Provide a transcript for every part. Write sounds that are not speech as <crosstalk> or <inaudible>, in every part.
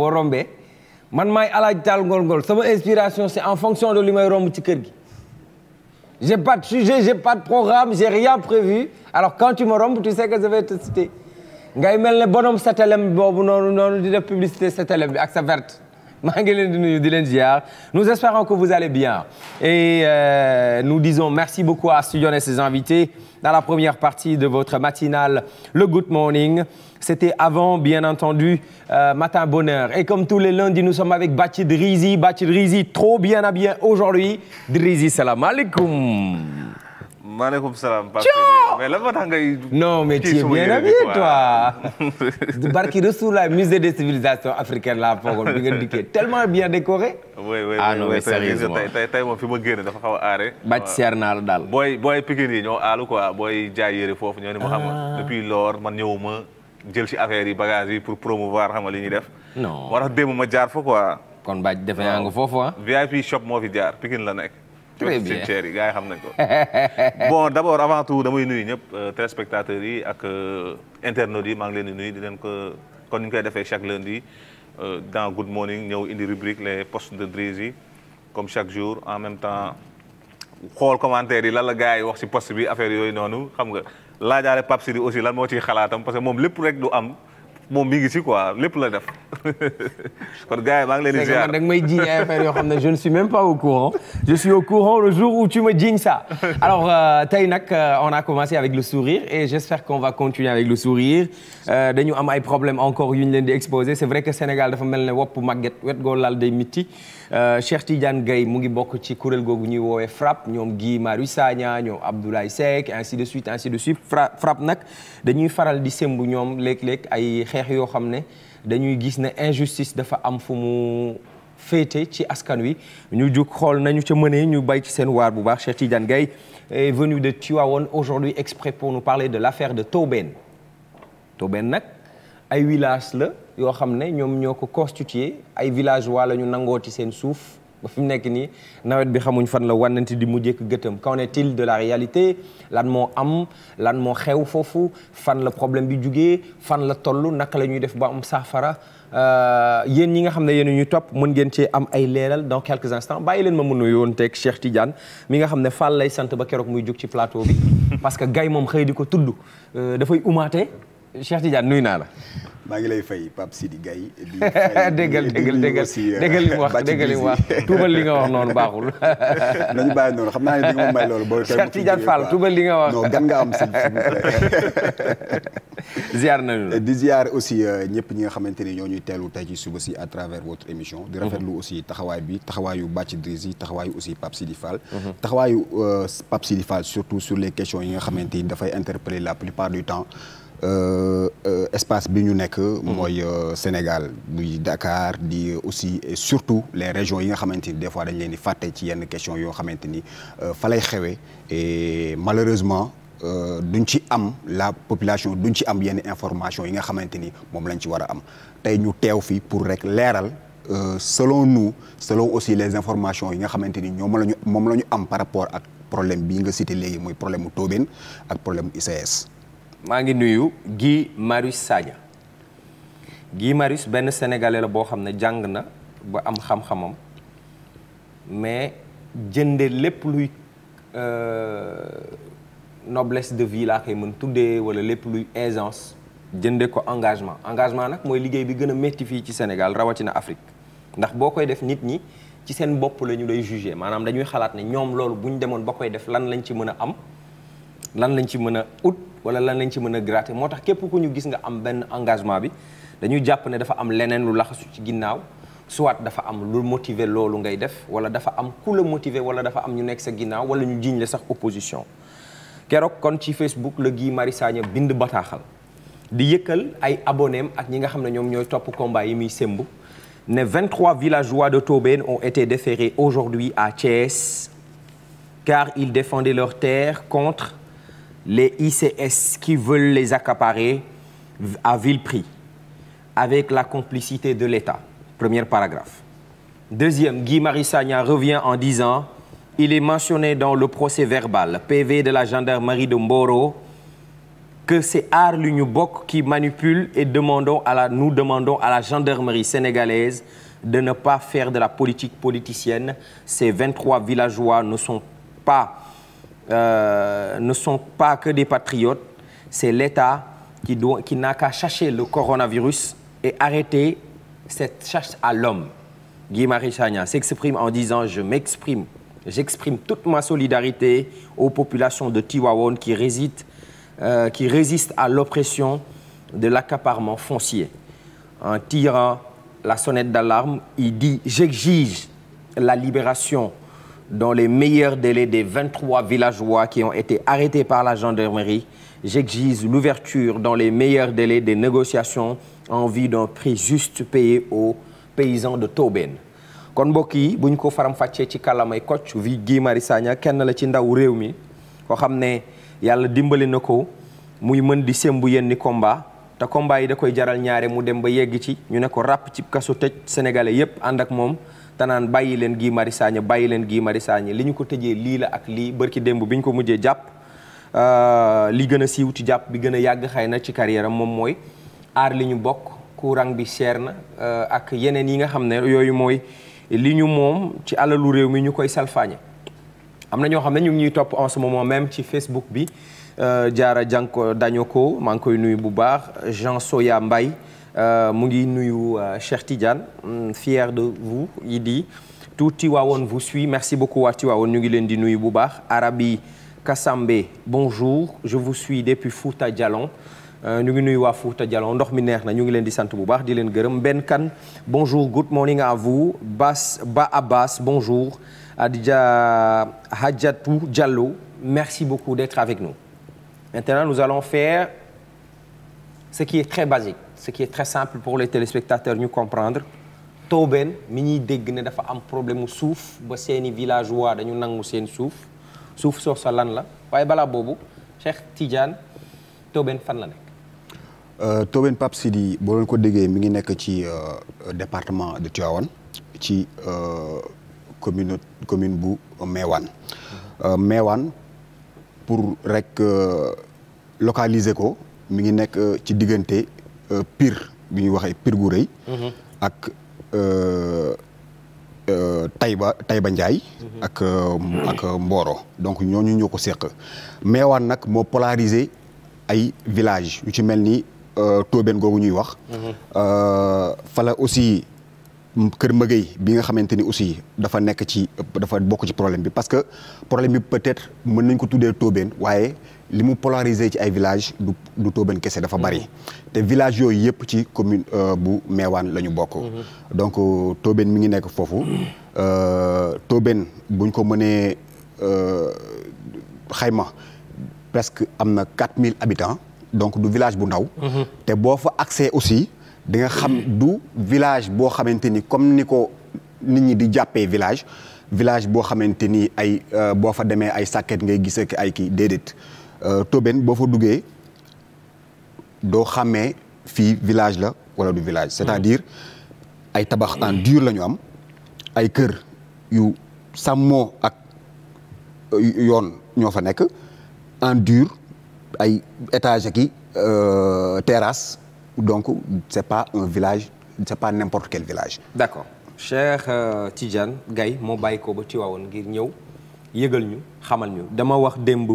boo rombee man maay alaaj taal ngol ngol sama inspiration c'est en fonction de li may romb ci kër gi j'ai pas de sujet j'ai pas de programme j'ai rien prévu alors quand tu me rombes tu sais que je vais te citer ngay mel ne bonhomme Setelem boobu noonu noonu di def publicité Setelem bi ak sa verte <laughs> maa ngi leen di nuyu di leen ziar nous espérons que vous allez bien et euh, nous disons merci beaucoup à Studio et ses invités dans la première partie de votre matinale le Good Morning C'était avant, bien entendu, euh, Matin Bonheur. Et comme tous les lundis, nous sommes avec Bachi Drizi. Bachi Drizi, trop bien habillé aujourd'hui. Drizi, salam alaikum. salaam. mais la moo tax ngay. non mais tu es bien habillé toi. <laughs> barki Rasulullah musée des civilisations africaines laa foogoon bi nga tellement bien décoré. oui oui ah non mais sérieusement tey tey moom fi ma génne dafa xaw a aare. bàcc seer naa ñoo aalu quoi ni ma xam ah. jël ci affaire yi bagages yi pour promouvoir xam nga li ñuy def. non moo tax démb jaar fa quoi. kon ba defe naa nga foofu ah. VIP shop moo fi jaar Pikine la nekk. très bien cimetière yi gars yi xam nañ ko. <laughs> bon d' abord avant tout damay nuyu ñëpp euh, téléspectateurs yi ak euh, internautes yi maa ngi leen di nuyu di leen ko kon ni ñu koy defee chaque lundi euh, dans Good Morning ñëw indi rubrique les post de Driss yi comme chaque jour en même temps xool commentaire yi lan la gars yi wax si post bi affaire yooyu noonu xam nga. laajaale Pape Sidi aussi lan moo ciy xalaatam parce que moom lépp rek du moom mi ngi si quoi lépp la def <laughs> kon gars yi maa ngi leen di ziar da nga may yoo xam ne je ne suis même pas au courant je suis au courant le jour où tu me jiñ ça alors euh, tey nag euh, on a commencé avec le sourire et j'espère qu'on va continuer avec le sourire euh, dañu am ay problèmes encore yu ñu leen di exposer c'est vrai que Sénégal dafa mel ne wopp màgget wet goo laal day miti Euh, Cheikh Tidiane Gaye mu ngi bokk ci kuréel googu ñuy woowee FRAPP ñoom Guy Marius Sagna ñoom Abdoulaye Seck ainsi de suite ainsi de suite FRAPP nag dañuy faral di sémb ñoom léeg-léeg ay xeex yoo xam ne dañuy gis ne injustice dafa am fu mu féete ci askan wi ñu jug xool nañu ca mënee ñu bay ci seen waar bu baax Cheikh Tidiane Gaye est venu de Tivaouane aujourd'hui exprès pour nous parler de l'affaire de Tobène Tobène nag ay village la yoo xam ne ñoom ñoo ko constitué ay village wala ñu nangooti seen suuf ba fi mu nekk nii nawet bi xamuñ fan la wànnante di mu ak gëtëm qu'en ne il de la réalité lan moo am lan moo xew foofu fan la problème bi jugee fan la toll naka la ñuy def ba am saafara euh, yéen ñi nga xam ne yéen ñu topp mën ngeen cee am ay leeral dans quelques instants bàyyi leen ma mën nuyoon teg Cheikh Tidiane mi nga ne Fall lay sant ba keroog muy jug ci plateau bi parce que gay moom xëy di ko tudd euh, dafay umaate Cheikh Tidiane nuyu naa la. maa ngi lay fay Pape Sidi Gaye <laughs> di déggal déggal déggal euh, déggal li mu wax déggal li mu wax li nga wax noonu baaxul <laughs> nañu bàyyi noonu xam naa ne di ma may loolu boo Cheikh Tidiane Fall tuubal li nga wax non gan nga am s'il vous plaît ziar nañu la di ziar aussi euh, ñëpp ñi nga xamante ni ñoo ñuy teelu tey ci suba si à travers votre émission di mhm. lu aussi taxawaay bi taxawaayu Bathie Drizzy taxawaayu aussi Pape Sidi Fall mhm. taxawaayu euh, Pape Sidi Fall surtout sur les questions yi nga xamante ni dafay la plupart du Euh, euh, espace bi ñu nekk. mooy mm. euh, Sénégal muy Dakar di aussi et surtout les régions yi nga xamante ni des fois dañ leen di fàtte ci yenn question yoo xamante ni fa lay xewee et malheureusement. duñ ci am la population duñ ci am yenn information yi nga xamante ni moom lañ ci war a am tey ñu teew fii pour rek leeral selon nous selon aussi les informations yi nga xamante ni ñoom la ñu moom la am par rapport ak problème bi nga cité léegi muy problème mu Tobène ak problème mu maa ngi nuyu Guy Marius Sagna Guy Marius benn sénégalais la boo xam ne jàng na ba am xam-xamam mais jënde lépp luy euh, noblesse de vie laa koy mën tuddee wala lépp luy aisance jënde ko engagement engagement nag mooy liggéey bi gën a métti fii ci Sénégal rawatina Afrique ndax boo koy def nit ñi ci seen bopp la ñu lay maanaam dañuy xalaat ne ñoom loolu bu demoon ba koy def lan lañ ci mën a am lan lañ ci mën a ut wala lan lañ ci mën a gratter moo tax képp ko ñu gis nga am benn engagement bi dañuy jàpp ne dafa am leneen lu laxasu ci ginnaaw soit dafa am lu motiver loolu ngay def wala dafa am ku la motiver wala dafa am ñu nekk sa ginnaaw wala ñu jiñ la sax opposition keroog kon ci Facebook la Guy Marius Sagna bind bataaxal di yëkkal ay abonnés ak ñi nga xam ne ñoom ñooy topp combat yi muy sembu ne 23 villageois de Tobène ont été déférés aujourd'hui à Thiès car ils défendaient leurs terres contre les ICS qui veulent les accaparer à vil prix, avec la complicité de l'État. Premier paragraphe. Deuxième, Guy Marissagna revient en disant il est mentionné le procès verbal PV de la gendarmerie de Mboro que c'est Aar Li Ñu Bokk qui manipule et demandons à la, nous demandons à la gendarmerie sénégalaise de ne pas de la politique politicienne. Ces 23 villageois ne sont pas euh, ne sont pas que des patriotes, c'est l'État qui, doit, qui n'a qu'à chercher le coronavirus et arrêter cette chasse à l'homme. Guy Marius Sagna s'exprime en disant je m'exprime, j'exprime toute ma solidarité aux populations de Tivaouane qui résistent, euh, qui résistent à l'oppression de l'accaparement foncier. En tirant la sonnette d'alarme, il dit j'exige la libération dans les meilleurs délais des 23 villageois qui ont été arrêtés par la gendarmerie. J'exige l'ouverture dans les meilleurs délais des négociations en vue d'un prix juste payé aux paysans de Tobène kon mbokk yi bu ko faram-fàccee ci kàllaamay Kocc vi Guy Marius Sagna kenn la ci ndaw réew mi koo xam ne yàlla dimbali na ko muy mën di sémbu yenni combat te combat yi da koy jaral ñaare mu dem ba yegg ci ñu ne ko ràpp ci kaso tëj sénégalais yépp ànd ak moom tanaan naan bàyyi leen Guy Marius Sagna bàyyi leen Guy Marius Sagna li ñu ko tëjee lii la ak lii bërki démb bi ñu ko mujjee jàpp euh, li gën a siiw ci jàpp bi gën a yàgg xëy na ci carrière moom mooy aar li ñu bokk courant bi cher na euh, ak yeneen yi nga xam ne yooyu mooy li ñu moom ci alalu réew mi ñu koy salfaañe am na ñoo xam ne ñu ngi ñuy topp en ce moment même ci Facebook bi euh, Diarra Janko Dañoko maa ngi koy nuyu bu baax Jean Soya mbay Euh, mu ngi nuyu euh, Cheikh Tidiane mm, fier de vous yi di tout Tivaouane vous suit merci beaucoup waa Tivaouane ñu ngi leen di nuyu bu baax Arabi Kassambé bonjour je vous suis depuis Fouta jalon euh, ñu ngi nuyu waa Fouta Djallon ndox mi neex na ñu ngi leen di sant bu baax di leen gërëm Ben Kane bonjour good morning à vous Bas Ba Abbas bonjour Adja Hadjatou Diallo merci beaucoup d'être avec nous maintenant nu allons faire ce qui est très basique ce qui est très simple pour les téléspectateurs ñu comprendre toobeen mi ñuy dégg ne dafa am problème mu suuf ba seeni villageois dañu nangu seen suuf suuf soo sa lan la waaye balaa boobu Cheikh Tidiane toobeen fan la nekk. Euh, toobeen Pape Sidi boo leen ko déggee mi ngi nekk ci euh, département de Tivaouane ci euh, commune commune bu Meewaan. wan pour rek localiser ko mi ngi nekk ci diggante. pire bi ñuy waxee pire gu rëy. Mhm. ak euh, euh, Tayba Tayba Ndiaye. Mhm. ak euh, ak Mboro donc ñooñu ñoo ko seq. Meewaan nag moo polariser ay village yu ci mel ni Tóobén googu ñuy wax. Mhm. fala aussi. Kër Mëgëy bi nga xamante ni aussi dafa nekk ci dafa bokk ci problème bi parce que problème bi peut-être mën nañ ko tuddee Tóobeen waaye li mu polarisé ci ay village du du Tóobeen kese dafa bari mm-hmm. te village yooyu yëpp ci commune euh, bu Meewaan la ñu bokk. Mm-hmm. donc euh, Tóobeen mi ngi nekk foofu mm-hmm. euh, Tóobeen buñ ko mënee xayma presque am na 4000 habitants donc du village bu ndaw. te boo fa accès aussi. di xam du village boo xamante ni comme ni ko nit ñi di jàppee village village boo xamante ni ay euh, boo fa demee ay sàkket ngay gis ak ay kii déedéet euh, Tobène boo fa duggee doo xamee fii village la wala du village. c'est-à-dire ay tabax en dur la ñu am ay kër yu sàmmoo ak euh, yoon ñoo fa nekk en dur ay étage ak i terrasse. donc c'est pas un village c'est pas n'importe quel village. d'accord Cheikh euh, Tidiane Gaye moo bàyyi ko ba Tivaouane ngir ñëw yëgal ñu xamal ñu dama wax démb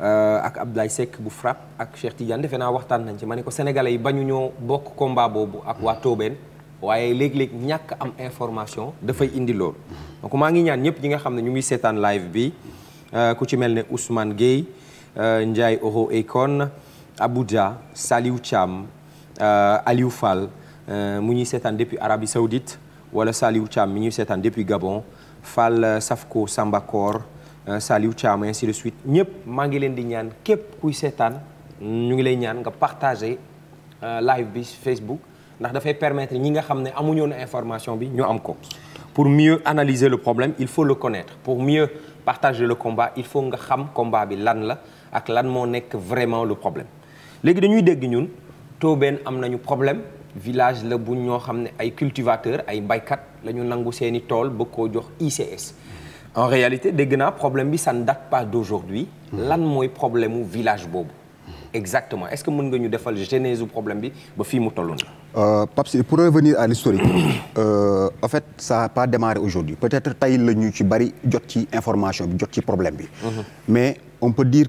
euh, ak Abdoulaye Seck bu FRAPP ak Cheikh Tidiane defe naa waxtaan nañ ci ma ne ko sénégalais yi bañu ñoo bokk combat boobu ak waa Tobène waaye léeg-léeg ñàkk am information dafay indi lool donc maa ngi ñaan ñëpp ñi nga xam ne ñu ngi seetaan live bi euh, ku ci mel ne Ousmane Gueye Ndiaye Oro Akon Abuja Saliou Thiam. Euh, Aliou Fall euh, mu ñuy seetaan depuis Arabie Saoudite wala Saliou Thiam mi ñuy seetaan depuis Gabon Fall euh, Safko Sambakor Saliou Thiam ainsi de suite ñëpp maa ngi leen di ñaan képp kuy seetaan ñu ngi lay ñaan nga partagé live bi Facebook ndax dafay permettre ñi nga xam ne amuñoon information bi ñu am ko pour mieux analyser le problème il faut le connaître pour mieux partager le combat il faut nga xam combat bi lan la ak lan moo nekk vraiment le problème léegi Tóobeen am nañu problème village la bu ñoo xam ne ay cultivateur ay baykat la ñu nangu seeni tool ba koo jox ICS en réalité dégg naa problème bi san ne date pas d'aujourd'hui lan mooy problème mu village boobu exactement est-ce que mën nga ñu defal genèse problème bi ba fi mu tolloon la euh, Pape Sidi pour revenir à l'historique <coughs> euh, en fait ça a pas démarré aujourd'hui peut-être tey la ñu ci bari jot ci information bi jot ci problème bi mhm. mais on peut dire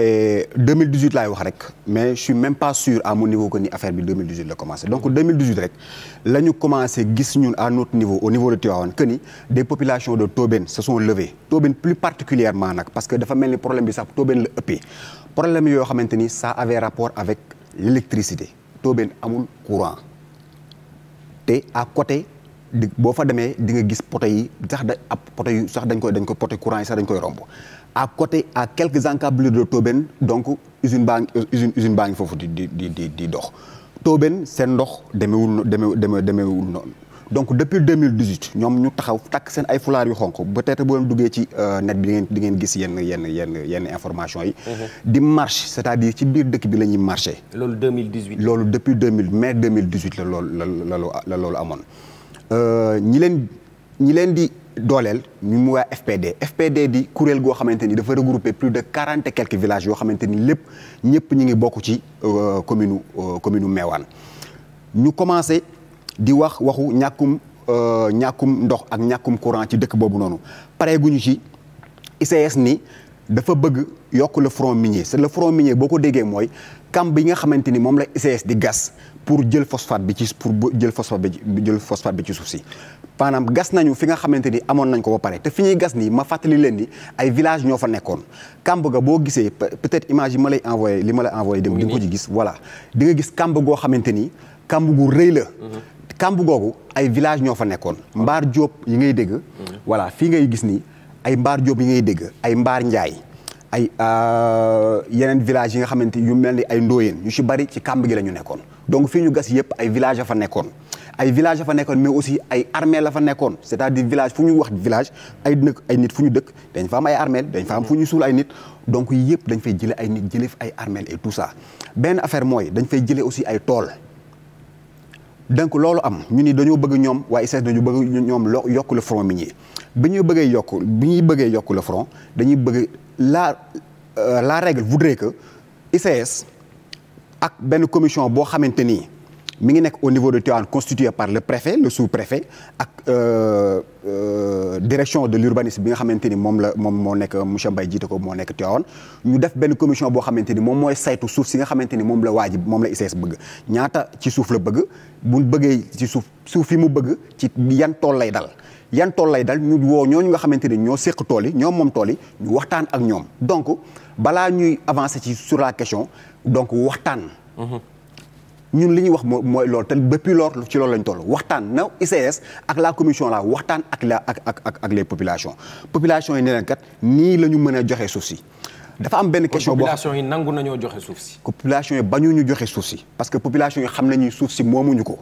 et euh, 2018 laay wax rek mais je suis pas sûr à niveau que ni affaire bi 2018 la commencé donc 2018 rek commencé gis ñun à notre niveau au niveau de Tivaouane que ni des populations de Tobène se sont levées Tobène plus particulièrement nag parce que dafa mel ni problème bi sax Tobène la ëppee problème yoo xamante ni ça avait rapport avec l'électricité Tobène amul courant te à côté di boo fa demee di nga gis poto yi sax da sax dañ koy dañ koy poto courant yi sax dañ koy romb à côté à quelques encablures de Tobène donc usine baa ngi usine usine foofu di di di di dox Tobène seen ndox demeewul deme deme demeewul noonu donc depuis 2018 ñoom ñu taxaw takk seen ay fulaar yu xonk peut boo duggee ci euh, net bi di ngeen gis yenn yenn yenn yenn information yi. Mhm. di marche c'est-à-dire ci biir dëkk bi la ñuy marché. loolu 2018. loolu depuis 2000 mai 2018 la loolu la la loolu amoon. Euh, ñi leen ñi leen di dooleel ñu mu waa FPD FPD di kuréel goo xamante ni dafa regrouper plus de quarante et quelques villages yoo xamante ni lépp ñëpp ñu ngi bokk ci euh, commune euh, commune Meouane ñu commencé di wax waxu ñàkkum ñàkkum ndox ak ñàkkum courant ci dëkk boobu noonu pare guñu ci ICS ni dafa bëgg yokk la front minier c'est le front minier boo ko déggee mooy kamb bi nga xamante ni moom la ICS di gas pour jël phosphate bi ci pour jël phosphate bi jël phosphate bi ci suuf si maanaam gas nañu fi nga xamante ni amoon nañ ko ba pare te fi ñuy gas nii ma fàttali leen ni ay village ñoo fa nekkoon kamb ga boo gisee peut-être image ma lay envoyé li ma la envoyé dem di nga ko ci gis voilà di nga gis kamb goo xamante ni kamb gu rëy la kamb mm-hmm. googu ay village ñoo fa nekkoon mbaar jóob yi ngay dégg mm-hmm. voilà fii ngay gis nii ay mbaar jóob yi ngay dégg ay mbaar njaay ay euh, yeneen village yi nga xamante yu mel ni ay ndóoyeen ñu ci bari ci kàmb gi la ñu nekkoon donc fii ñu gas yëpp ay village la fa nekkoon ay village la fa nekkoon mais aussi ay armée a fa nekkoon c'est-à-dire village fu ñu wax village ay nit fu ñu dëkk dañ fa ay armée dañ fa am fu suul ay nit donc yëpp dañ fay jële ay nit jële ay armée et tout ça benn affaire mooy dañ fay jële aussi ay tool donc loolu am ñu ni dañoo bëgg ñoom waaye ICS dañu bëgg ñoom lo yokk le front minier bi ñuy bëggee yokk bi ñuy bëggee yokk le front dañuy bëgg la euh, la règle voudrait que ICS ak benn commission boo xamante ni mi ngi nekk au niveau de Tivaouane constitué par le préfet le sous-préfet ak euh, euh, direction de l'urbanisme bi nga xamante ni moom la moom moo nekk monsieur Mbaye jiite ko moo nekk Tivaouane ñu def benn commission boo xamante ni moom mooy saytu suuf si nga xamante ni moom la waajib moom la ICS bëgg ñaata ci suuf la bëgg bu bëggee ci suuf suuf yi mu bëgg ci yan tool lay dal yan tool lay dal ñu woo ñooñu nga xamante ni ñoo séq tool yi ñoom moom tool ñu waxtaan ak ñoom donc balaa ñuy avancé ci sur la question donc waxtaan. ñun li ñuy wax mooy loolu te depuis lors ci loolu lañ toll waxtaan na ICS ak la commission la waxtaan ak la ak ak ak les populations population yi ne leen nii la ñu mën a joxe suuf si. dafa am benn question boo yi nangu nañoo joxe suuf si. population yi bañu ñu joxe suuf si parce que population yi xam nañu suuf si moomuñu ko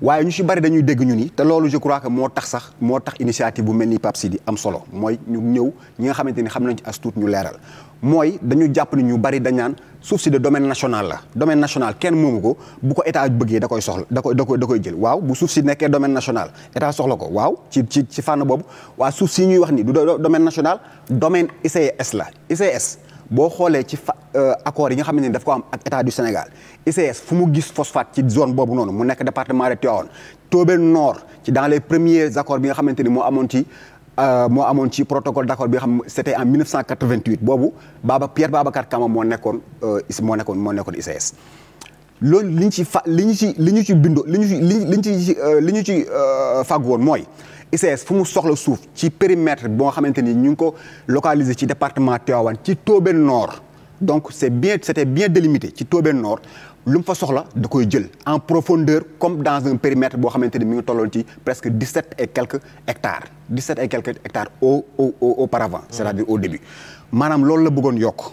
waaye ñu si bari dañuy dégg ñu ni te loolu je crois que moo tax sax moo tax initiative bu mel ni Pape Sidi am solo mooy ñu ñëw ñi nga xamante ni xam nañ ci as tuut ñu leeral mooy dañu jàpp ni ñu bari dañaan suuf si de domaine national la domaine national kenn moomu ko bu ko état bëggee da koy soxla da koy da koy da koy jël waaw bu suuf si nekkee domaine national état soxla ko waaw ci ci fànn boobu waa suuf si ñuy wax ni du domaine national domaine ICS la boo xoolee ci fa euh, accord yi nga xam ne ko am ak état du Sénégal ICS fu mu gis phosphate ci zone boobu noonu mu nekk département de Tivaouane Tobène Nord ci dans les premiers accords bi nga xamante ni moo amoon ci euh, moo amoon ci protocole d'accord bi nga xam c'était en 1988 boobu Baba Pierre Babacar Kama moo nekkoon euh, moo nekkoon moo nekkoon ICS. loolu li ñu ci fa li ñu ci li ñu ci bindoo li ñu ci li ñu ci li ñu ci fàggu woon mooy. ICS fu mu soxla suuf ci périmètre boo xamante ni ñu ngi ko localiser ci département Tivaouane ci Tobène Nord donc c' est bien c' était bien délimité ci Tobène noor lu mu fa soxla da koy jël en profondeur comme dans un périmètre boo xamante ni mi ngi tolloon ci presque dix sept et quelques hectares dix sept et quelques hectares au au auparavant. c' est à dire au début maanaam loolu la bëggoon yokk.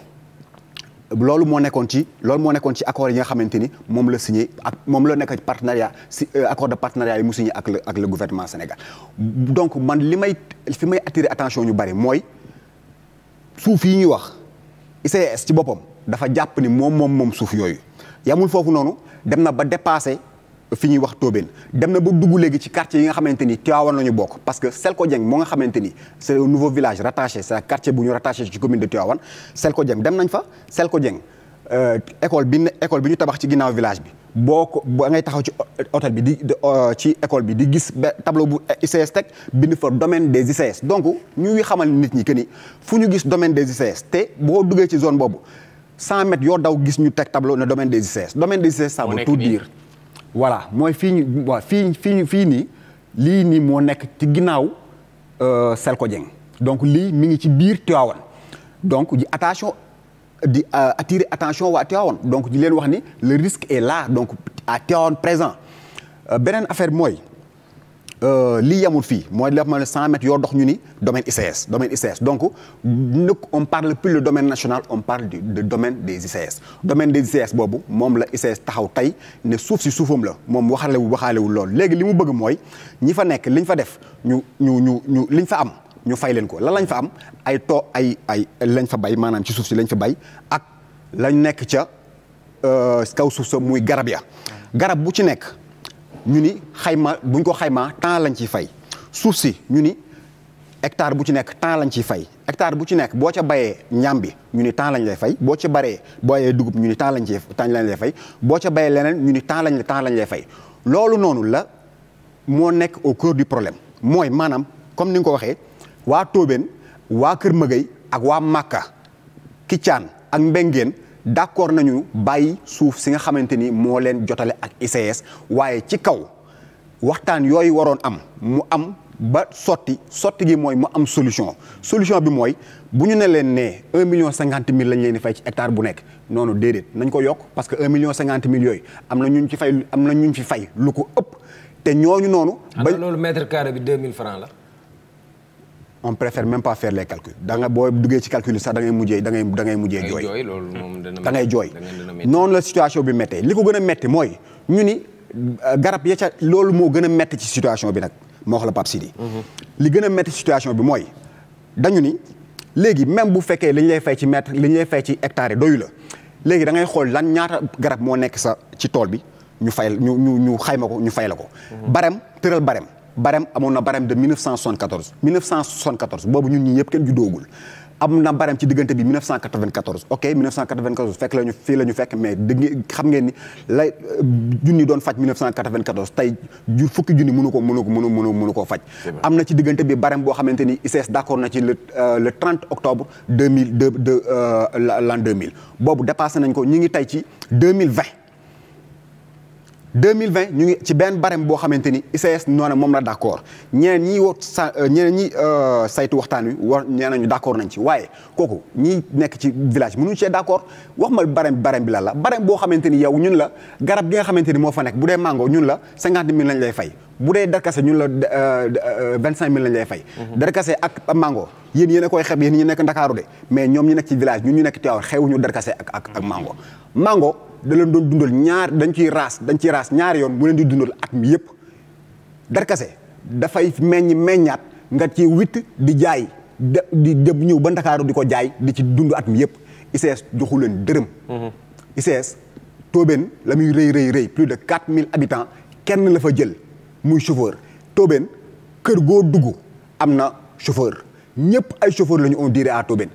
loolu moo nekkoon ci loolu moo nekkoon ci accord yi nga xamante ni moom la signé ak moom la nekk partenariat si euh, accord de partenariat yi mu signé ak le ak le gouvernement Sénégal donc man li may fi may attire attention ñu bari mooy suuf yi ñuy wax ICS ci boppam dafa jàpp ni moom moom moom suuf yooyu yamul foofu noonu dem na ba dépassé fi ñuy wax Tobène dem na ba dugg léegi ci quartier yi nga xamante ni Tivaouane la ñu bokk parce que Selko Dieng moo nga xamante ni c' est un nouveau village rattaché c' est un quartier bu ñu rattaché ci commune de Tivaouane Selko Dieng dem nañ fa Selko Dieng euh, école bi école bi ñu tabax ci ginnaaw village bi boo ko ba ngay taxaw ci hôtel bi di euh, ci école bi di gis tableau bu ICS teg bind fa domaine des ICS donc ñuy xamal nit ñi que ni fu ñu gis domaine des ICS te boo duggee ci zone boobu 100 mètres yoo daw gis ñu teg tableau ne domaine voilà mooy fii ñu waaw fii fii fii nii lii nii moo nekk ci ginnaaw euh, Selko Dieng donc lii mi ngi ci biir Tivaouane donc di attention di euh, attirer attention waa Tivaouane donc di leen wax ni le risque est la donc à Tivaouane présent euh, beneen affaire mooy Euh, li yamul fii mooy la nga xam ne cent yoo dox ñu ni domaine ICS domaine ICS donc nag on parle plus de domaine national on par du de domaine des ICS. domaine de ICS boobu moom la ICS taxaw tey ne suuf si suufoom la moom waxaale waxaalewul lool léegi li mu bëgg mooy ñi fa nekk liñ fa def ñu ñu ñu ñu liñ fa am. ñu fay leen ko lan lañ fa am ay too ay ay lañ fa bay maanaam ci suuf si lañ fa bay ak lañ nekk ca euh, kaw suuf sa muy garab ya garab bu ci nekk ñu ni xayma buñ ko xaymaa temps lañ ciy fay suuf si ñu ni hectare bu ci nekk temps lañ ciy fay hectare bu ci nekk boo ca bayee ñam bi ñu ni temps lañ lay fay boo ca baree bayee dugub ñu ni temps lañ ci temps lañ lay fay boo ca bayee leneen ñu ni temps lañ temps lañ lay fay loolu noonu la moo nekk au cœur du problème mooy maanaam comme ni nga ko waxee waa Tóobén waa Kër Mëgëy ak waa Màkka Kicaan ak Mbengeen d'accord nañu bàyyi suuf si nga xamante ni moo leen jotale ak ICS waaye ci kaw waxtaan yooyu waroon am mu am ba sotti sotti gi mooy mu am solution solution bi mooy bu ñu ne leen ne un million cinquante mille lañ leen di fay ci hectare bu nekk noonu déedéet nañ ko yokk parce que un million cinquante mille yooyu am na ñu ci fay am na ñun ci fay lu ko ëpp te ñooñu noonu. ba loolu mètre carré bi deux mille francs la. on préfère même pas faire les calculs da boo duggee ci calcul sax da mujjee da ngay mujjee jooy da jooy noonu la situation bi méttee li ko gën a métti mooy ñu ni euh, garab ya ca loolu moo gën a métti ci situation bi nag moo wax la Pape Sidi mhm. li gën a métti situation bi mooy dañu ni léegi même bu fekkee li ñu lay fay ci mètre li ñu lay fay ci hectare yi doyu la léegi da ngay xool lan ñaata garab moo nekk sa ci tool bi ñu fay ñu ñu ñu xayma ko ñu fay la ko mhm. barème amoon na barème de 1974 1974 boobu ñun ñi ñëpp kenn juddoogul am na barème ci diggante bi 1994 ok 1994 fekk la ñu ñu fekk euh, junni doon faj 1994 tey ju fukki junni mënu ko mënu ko mënu mënu mënu koo faj. am na ci diggante bi boo xamante ni ICS d' accord na ci le euh, le 30 octobre 2000 de de l' boobu dépassé nañ ko ñu ngi tey ci 2020. 2020 ñu ngi ci benn barème boo xamante ni ICS noona moom la d' accord ñi woo sa ñeneen ñi euh, euh, saytu waxtaan wi war nee nañu d' accord nañ ci waaye kooku ñi nekk ci village mënuñu cee d' accord wax ma barème barème bi la la barème boo xamante ni yow ñun la garab gi nga xamante ni moo fa nekk bu dee mango ñun la cinquante mille lañ lay fay bu dee darkase ñun la euh, vingt cinq mille lañ lay fay. Mhm. darkase ak mango yéen yéen a koy xeb yéen ñi nekk Ndakaaru de mais ñoom ñi nekk ci village ñu nekk Tivaouane xewuñu darkase ak ak ak mango mango. da leen doon dundal ñaar dañ ciy raas dañ ci raas ñaari yoon mu leen di dundal at mi yëpp darkase dafay meññ meññaat nga ci witt di jaay di dem ñëw ba ndakaaru di ko jaay di ci dund at mi yëpp ICS joxu leen dërëm mhm. ICS Tobène la muy rëy rëy rëy plus de quatre mille habitants kenn la fa jël muy chauffeur Tobène kër goo dugg am na chauffeur ñëpp ay chauffeur la ñu on dirait à Tobène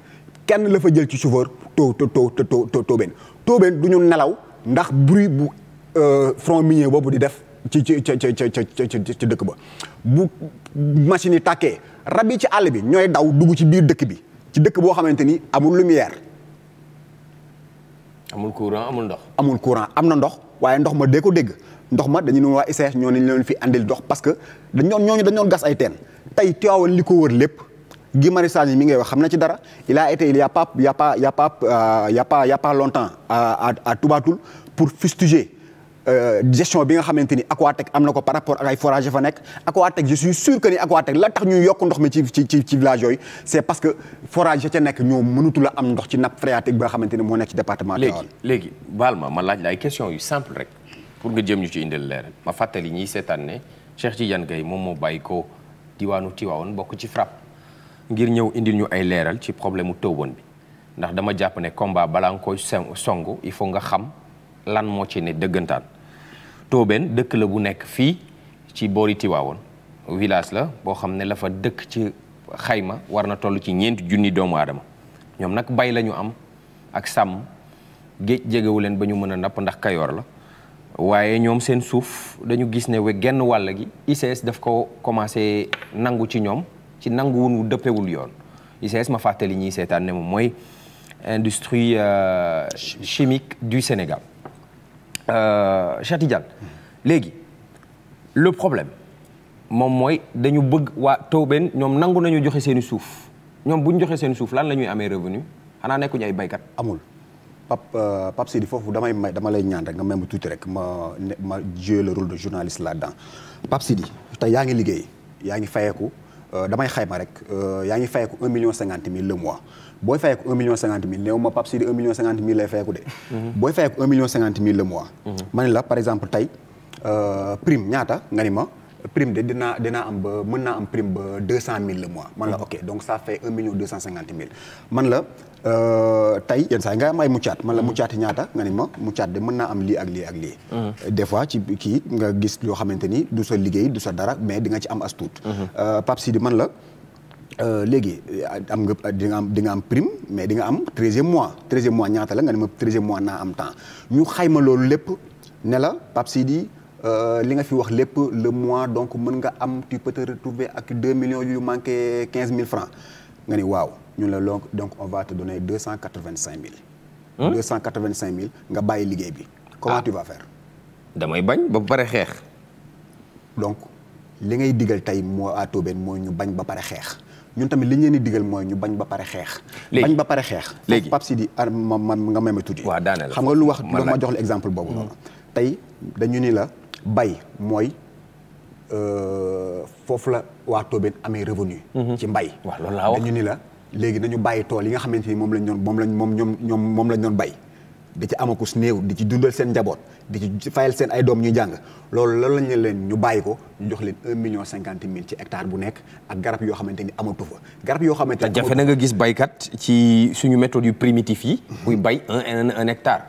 kenn la fa jël ci chauffeur to to to to Tobène tóobeen du ñu nelaw ndax bruit bu euh, front minier boobu di def ci ci ci ci ci dëkk ba bu machine yi tàkkee rab yi ci àll bi ñooy daw dugg ci biir dëkk bi ci dëkk boo xamante ni amul lumière. amul courant amul ndox. amul courant am na ndox waaye ndox ma dee ko dégg ndox ma dañu ne waa ICS ñoo ne ñu fi andil ndox parce que dañoo ñooñu dañoon gas ay teen tey Tivaouane li ko wër lépp. Guy Marius Sagna mi ngay wax xam na ci dara il a été a pas il a pas il a pas il y a pas il y a bi nga xamante ni Aquatec am na ko par rapport ak ay forage fa nekk Aquatec je suis sûr que ni Aquatec la tax ñuy yokk ndox mi ci ci ci ci village yooyu c'est parce que forage ya ca nekk ñoo mënutu la am ndox ci nap phréatique bi nga xamante ni moo nekk ci département léegi léegi baal ma ma laaj la ay question yu simple rek pour nga jëm ñu ci indil leer ma fàttali ñiy seetaan ne Cheikh Tidiane Gaye moom moo bàyyi ko diwaanu Tiwaawoon bokk ci FRAPP ngir ñëw indil ñu ay leeral ci problème mu tëwoon bi ndax dama jàpp ne combat balaa nga koy songu il faut nga xam lan moo ci ne dëggantaan Tóobén dëkk la bu nekk fii ci boori Tiwaawoon village la boo xam ne la fa dëkk ci xayma war na toll ci ñeenti junni doomu aadama ñoom nag bay lañu am ak sàmm géej jegewu leen ba ñu mën a napp ndax kayoor la waaye ñoom seen suuf dañu gis ne we genn wàll gi ICS daf ko commencé nangu ci ñoom ci nanguwun wu dëppewul yoon ICS ma fàttali ñuy seetaan ne moom mooy industrie euh, chimique du Sénégal euh, Cheikh Tidiane léegi le problème moom mooy dañu bëgg waa Tobène ñoom nangu nañu joxe seeni suuf ñoom bu ñu joxee seen suuf lan la ñuy amee revenu xanaa nekkuñu ay baykat amul Pape euh, Pape Sidi foofu damay may dama lay ñaan nga may ma tuuti rek ma ma jouer le rôle de journaliste la dedans Pape Sidi tey yaa ngi liggéey yaa ngi fayeeku Euh, damay xayma rek euh, yaa ngi fayeeku un million cinquante mille le mois booy fayeeku un million cinquante mille néew ma Pape Sidi un million cinquante mille lay fayeeku de mhm. booy fayeeku un million cinquante mille le mois mhm. ma ne la par exemple tey euh, prime ñaata nga ni ma prime de dinaa dinaa am ba mën naa am prime ba deux cent mille mois man la mhm. ok donc ça fait un million deux cent cinquante mille man la euh, tey yenn sax yi nga am ay muccaat man la mhm. muccaati ñaata nga ni ma muccaat de mën naa am lii ak lii ak lii mhm. des fois ci kii nga gis loo xamante ni du sa liggéey du sa dara mais di nga ci am as tuut euh, Pape man la euh, léegi am nga di nga am di nga am prime mais dinga nga am treizième mois treizième mois ñaata la nga ni ma treizième mois naa am temps ñu xayma loolu lépp ne la Pape Sidi Euh, li nga fi wax lépp le mois donc mën nga am tu peux te retrouver ak 2 millions yu manqué 15 000 francs nga ni waaw ñu la donc donc on va te donner 285 000. Hum? 285 000 nga bàyyi liggéey bi. comment ah. tu vas damay bañ ba pare xeex. donc li ngay digal tey moo aatoobeen mooy ñu bañ ba pare xeex. ñun tamit li ñu leen di digal mooy ñu bañ ba pare xeex. bañ ba pare xeex. léegi Pape Sidi ah, ma ma nga may ma tuuti. waaw daanaka xam nga lu wax lu ma jox la exemple boobu hmm. noonu. tey dañu ni la. bay mooy euh, foofu la waa Tobène amee revenu. Mhm. ci mbay. waaw loolu laa wax dañu ni la léegi nañu bàyyi tool yi nga xamante ni moom lañ doon moom lañ moom ñoom ñoom moom lañ doon bay. di ci amakus néew di ci dundal seen njaboot di ci fayal seen ay doom ñuy jàng loolu loolu lañ leen ñu bàyyi ko ñu jox leen million cinquante mille ci hectare bu nekk ak garab yoo xamante ni amatu fa. garab yoo xamante ni jafe na nga gis baykat ci suñu méthode yu primitif yi. muy mhm. bay un un hectare.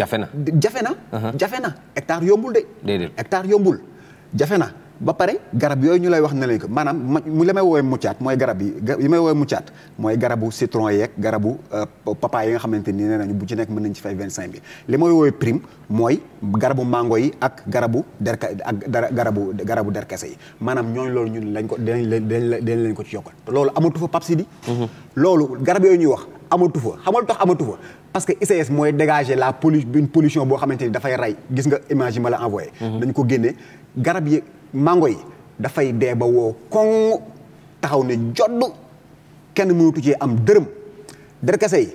jafe na jafe na. Uh-huh. jafe na hectare yombul de. ectare yombul jafe na. ba pare garab yooyu ñu lay wax ne lañ ko maanaam mu li may woowee muccaat mooy garab yi yi may woowee muccaat mooy garabu citron yeeg garabu euh, papa yi nga xamante ni nee nañu bu ci nekk mën nañ ci fay vingt cinq mille li may woowee prime mooy garabu mango yi ak garabu derka ak garabu garabu derkase yi maanaam ñooñu loolu ñun lañ ko dinañ leen dinañ leen ko ci yokkal loolu amatu fa Pape Sidi. Uh-huh. loolu garab yooyu ñuy wax amatu fa xamal tax amatu fa parce que ICS mooy dégager la pollu une pollution boo xamante ni dafay rey gis nga image yi ma la envoyé. Mhm. dañ ko génne garab yi mango yi dafay dee ba woo koŋ taxaw ne jodd kenn mënatu ci am dërëm derkase yi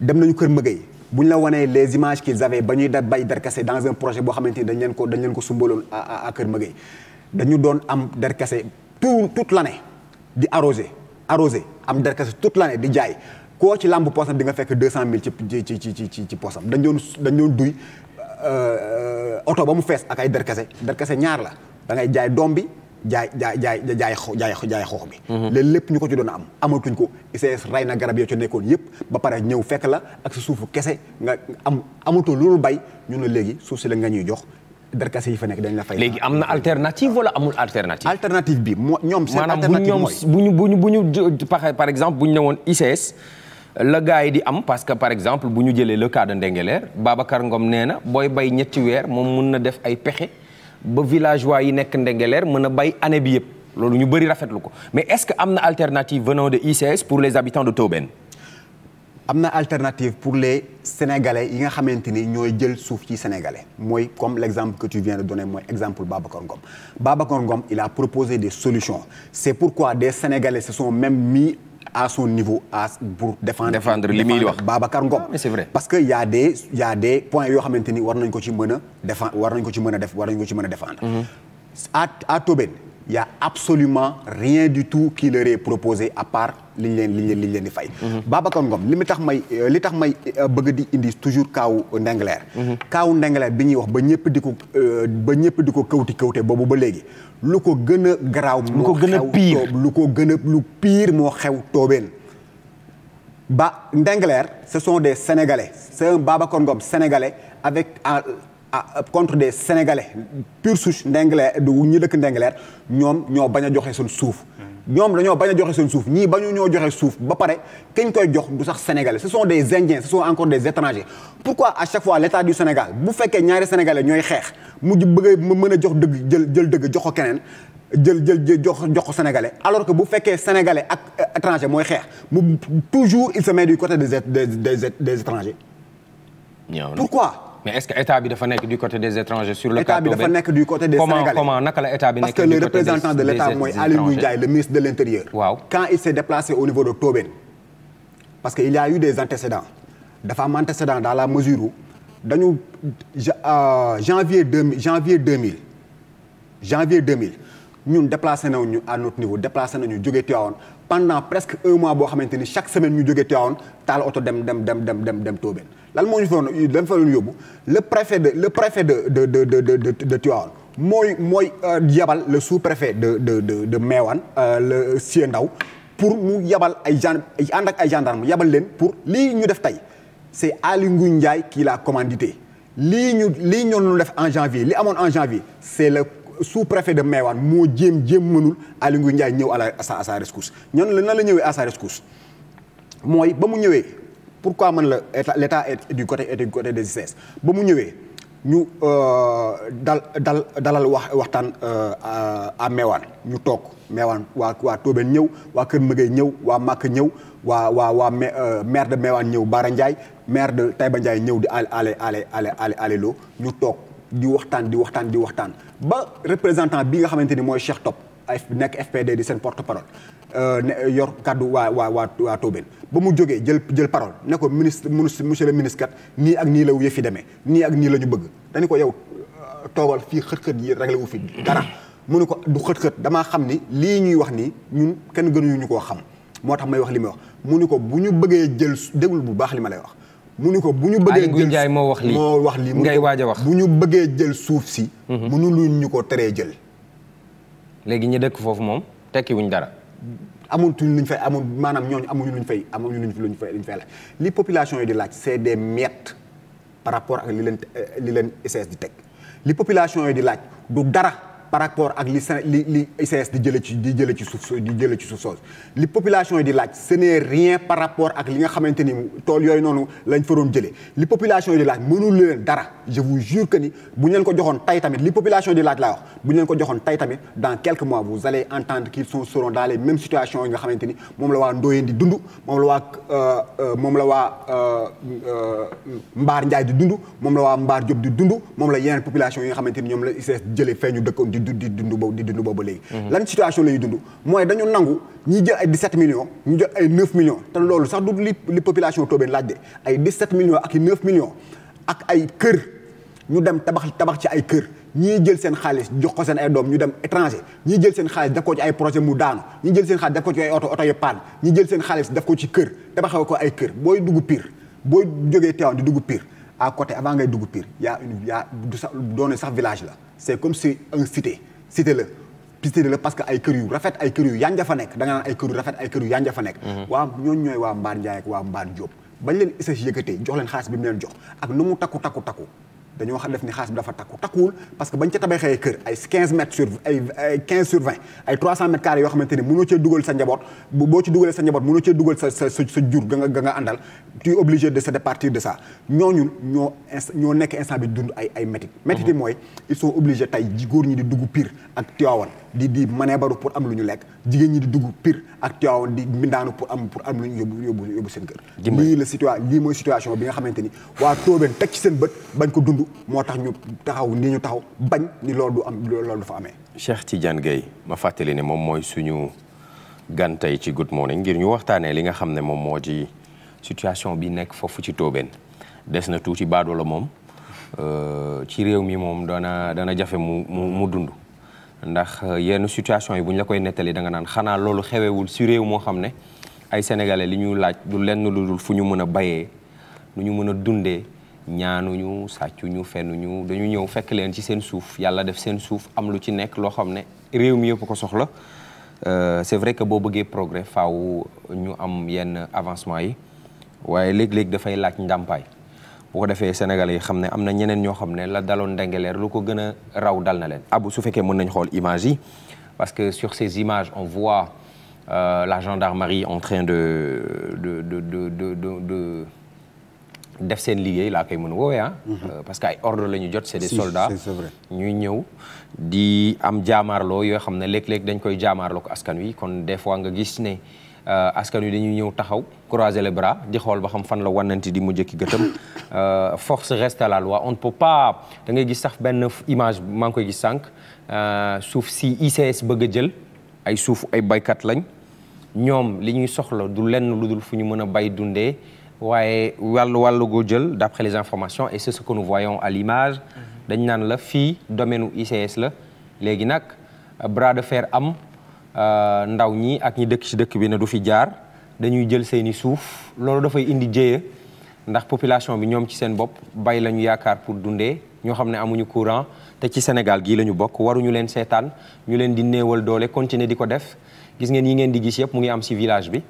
dem nañu kër mëgay bu ñu la wanee les images qu'ils avaient ba ñuy da bay derkase dans un projet boo xamante ni dañ leen ko dañ leen ko sumbaloon à kër mëgay dañu doon am derkase tout toute l'année di arrosé arrosé am derkase toute l'année di jaay koo ci làmb poosam di nga fekk deux cent mille ci ci ci ci ci poosam dañ doon dañ doon duy euh, oto ba mu fees ak ay der kese derkase derkase ñaar la da ngay jaay doom bi jaay jaay jaay jaay jaay jaay xoox bi mhm. léegi lépp ñu ko ci doon am amatuñ ko ICS ray na garab yoo ci nekkoon yëpp ba pare ñëw fekk la ak sa suufu kese nga am amatoo loolu bay ñu ne léegi suuf si la nga ñuy jox der derkase yi fa nekk dañ la fay léegi am na alternative wala amul alternative alternative bi moo ñoom seen alternative mooy maanaam bu ñ bu ñu bu ñu par exemple bu ñu ne la gars yi di am parce que par exemple bu ñu jëlee le cas de Ndengeleer Babacar Ngom nee na booy bay ñetti weer moom mun na def ay pexe ba villageois yi nekk Ndengeleer mën a bay année bi yëpp loolu ñu bëri rafetlu ko mais est-ce que am na alternative venant de ICS pour les habitants de am na alternative pour les sénégalais yi nga xamante ni ñooy jël suuf ci sénégalais mooy comme l'exemple que tu viens de donner mooy exemple Babacar Ngom Babacar Ngom il a proposé des solutions c'est pourquoi des sénégalais se même mis à son niveau à pour défendre. défendre li muy wax Babacar Ngom. c'est parce que y a point yoo xamante ni war nañ ko ci mën a défendre war nañ ko ci mën a def war nañ ko ci mën a défendre. Mm-hmm. à à Tobène il y a absolument rien du tout qui leur est proposé à part li ñu leen li ñu leen li ñu leen di fay. Mhm. Babacar Ngom li mu tax may euh, li tax may euh, bëgg di indi toujours kaawu Ndengler. Mhm. kaaw Ndengler bi ñuy wax ba ñëpp di ko euh, ba ñëpp di ko kawti kawte boobu ba léegi lu ko gën garaaw. lu ko gën a lu ko gën a lu pire moo xew toobeen. ba Ndengler ce sont des sénégalais c'est un Babacar Ngom sénégalais avec ah contre des sénégalais pure souche ndengaleer ñu dëkk ndengaleer ñoom ñoo bañ a joxe seen suuf. ñoom dañoo bañ joxe seen suuf ñii bañu ñoo joxe suuf ba pare kañ koy jox du sax sénégalais ce sont des indiens ce sont encore des étrangers pourquoi à chaque fois l' état du Sénégal bu fekkee ñaari sénégalais ñooy xeex mu bëgg a mën a jox dëgg jël jël dëgg jox keneen. jël jël jël jox jox ko alors que bu fekkee sénégalais ak euh, étranger mooy xeex mu toujours il se met du côté des des des des étrangers. mais est-ce que état bi dafa nekk du côté des étrangers sur le état bi dafa nekk du côté des Sénégalais comment naka la état bi nekk parce que le représentant de l'état mooy Aliou Ndiaye le ministre de l'intérieur waaw quand il s'est déplacé au niveau de Tobène parce que il y a eu des antécédents dafa am antécédent dans la mesure où dañu euh, janvier 2000 janvier 2000 janvier 2000 ñun déplacé nañu à notre niveau déplacé nañu jógee Tivaouane pendant presque un mois boo xamante ni chaque semaine ñu jógee Tivaouane taal oto dem dem dem dem dem dem Tobène lan moo ñu fa lan fa doon yóbbu le préfet de le préfet de de de de mooy mooy euh, yabal le sous-préfet de de de de Mewane euh, le Sié Ndaw pour mu yabal ay gen ànd ak ay gendarme yabal leen pour lii ñu def tey c'est Aly Ngouille Ndiaye kii l'a commandité lii ñu lii ñoon lu def en janvier li amoon en janvier c'est le sous-préfet de Mewane moo jéem jéem mënul Aly Ngouille Ndiaye ñëw à la à sa rescousse ñoon la na la ñëwee à sa rescousse mooy ba mu ñëwee pourquoi man la état l' du côté est du côté des ICS ba mu ñëwee ñu euh, dal dal dalal wax waxtaan euh, à Meewaan ñu toog Meewaan waa waa Tóobén ñëw waa Kër Mëgëy ñëw waa Màkk ñëw waa waa waa euh, maire de Meewaan ñëw Baara Ndiaye maire de Taïba Ndiaye ñëw di ale ale ale ale ale loo ñu toog di waxtaan di waxtaan di waxtaan ba représentant bi nga xamante ni mooy Cheikh Top nekk FPD di seen porte parole euh, yor kàddu waa waa waa waa ba mu jógee jël jël parole ne ko ministre monsieur le ministre kat nii ak nii la yëf fi demee nii ak nii la ñu bëgg dañu ko yow euh, toogal fii xët-xët yi rek la fi dara mu ne ko du xët-xët damaa xam ni lii ñuy wax nii ñun kenn gënuñu ñu ko xam moo tax may wax li may wax mu ni ko bu ñu bëggee jël déglu bu baax li ma lay wax mu ni ko bu ñu bëggee jël Ndiaye moo wax lii moo wax lii ngay waaj a wax bu ñu bëggee jël si mhm. mënu luñ ñu ko teree jël léegi ñi dëkk foofu moom tekki wuñ dara. amutuñ luñ fay amul maanaam ñooñu amuñu luñ fay amuñu luñ luñ fay luñ fay laaj li population yi di laaj c'est des miettes par rapport ak li leen euh, li leen ICS di teg li population yi di laaj du dara. par rapport ak li li li ICS di jëlee ci di jëlee ci suuf di jëlee ci suuf soosu li population yi di laaj noonu lañ fa doon jëlee li population yi di laaj mënul leen dara je vous que ni bu ñu leen ko joxoon tay tamit li population yi di laaj la wax bu ñu leen ko joxoon tay tamit dans quelques mois vous allez entendre qu'ils sont seront dans les mêmes yi nga xamante moom la waa Ndoyeen di dund moom la waa euh, euh, moom la euh, Mbaar Njaay di dund moom la waa Mbaar Diop di dund moom la yeneen population yi nga xamante ni ñoom la ICS jëlee feeñu dëkkoon di di dund boobu di dund boobu léegi lan situation la ñuy dund mooy dañu nangu ñi jël ay 17 millions ñu jël ay 9 millions te loolu sax du li li toobeen laaj de ay 17 millions ak i 9 millions ak ay kër ñu dem tabax tabax ci ay kër ñii jël seen xaalis jox ko seen ay doom ñu dem étranger ñii jël seen xaalis def ko ci ay projet mu daanu ñii jël seen xaalis def ko ci ay oto oto yu paan ñii jël seen xaalis def ko ci kër tabaxee ko ay kër booy dugg pire booy jógee teewaan di dugg pire à côté avant ngay dugg Pire y' a une y' a sax doone sax village la c' comme si un cité cité la cité la parce que ay kër yu rafet ay kër yu yanja fa nekk da nga naan ay kër yu rafet ay kër yu yanja fa nekk. Mhm. waa ñooñu ñooy waa Mbaar Ndiaye ak waa Mbaar Diop bañ leen isa yëkkatee jox leen xaalis bi mu leen jox ak nu takku takku takku. dañoo xam def ni xaalis bi dafa takku takkuwul parce que bañ ca tabaxee kër ay 15 mètres sur ay 15 sur 20 ay 300 mètres carrés yoo xamante ni mënoo cee dugal sa njaboot boo ci dugalee sa njaboot mënoo cee dugal sa sa sa jur ga nga ga nga àndal tu es de sa départir de ñoo ñooñu ñoo ñoo nekk instant bi dund ay ay métit métit yi mhm. mooy ils sont obligés tey góor ñi di dugg pire ak Tiwaawan di di baru pour am lu ñu lekk jigéen ñi di dugg Pire ak Tivaouane di mbindaanu pour am pour am lu ñu yóbbu yóbbu yóbbu seen kër lii la situa lii mooy situation bi nga xamante ni waa Tóobeen teg ci seen bët bañ ko dund moo tax ñu taxaw nii ñu taxaw bañ ni loolu du am loolu dafa amee Cheikh Tidiane Gueye ma fàttali ne moom mooy suñu gan tey ci Good Morning ngir ñu waxtaanee li nga xam ne moom moo ci situation bi nekk foofu ci Tóobeen des na tuuti baadoola moom euh, ci réew mi moom dana dana jafe mu mu mu dund ndax euh, yenn situation yi bu ñu la koy nettali danga naan xanaa loolu xewewul si réew moo xam ne ay sénégalais li ñu laaj du lenn lu dul fu ñu mën a bayee nu ñu mën a dundee ñaanuñu sàccuñu ñu dañu ñëw fekk leen ci seen suuf yàlla def seen suuf am lu ci nekk loo xam ne réew mi yëpp ko soxla euh, c'est vrai que boo bëggee progrès faw ñu am yenn avancement yi waaye léeg léegi dafay laaj ndàmpaay bu ko defee Sénégal xam ne am na ñeneen ñoo xam ne la daloon Ndingler lu ko gën a raw dal na leen abu su fekkee mën nañ xool image yi parce que sur ces images on voit euh, la gendarmerie en train de de de de de de, de def seen liggéey laa koy mën woowee ah. Mhm. Euh, parce que ay ordre la ñu jot. c'est des soldats ñuy ñëw di am jaamaarloo yoo xam ne léeg-léeg dañ koy jaamaarloo ko askan wi kon des fois nga gis ne. Euh, askan wi dañuy ñëw taxaw croiser les bras di xool ba xam fan la wananti di mu jëkki gëtëm euh, force reste à la loi on ne peut da ngay gis sax benn image maa ngi koy gi sànq euh, suuf si ICS bëgg a jël ay suuf ay baykat lañ ñoom li ñuy soxla du lenn lu dul fu ñu mën a bay dundee waaye wàllu wàllu goo jël d'après les informations et c'est ce que à l'image mhm. dañ naan la fii domaine u ICS la léegi nag bras de fer am Euh, ndaw ñi ak ñi dëkk ci dëkk bi ne du fi jaar dañuy jël seeni suuf loolu dafay indi jéye ndax population bi ñoom ci seen bopp bay la ñu yaakaar pour dundee ñoo xam ne amuñu courant te ci Sénégal gii la ñu bokk waruñu leen seetaan ñu leen di néewal doole continuer di ko def gis ngeen yi ngeen di gis yëpp mu ngi am ci village bi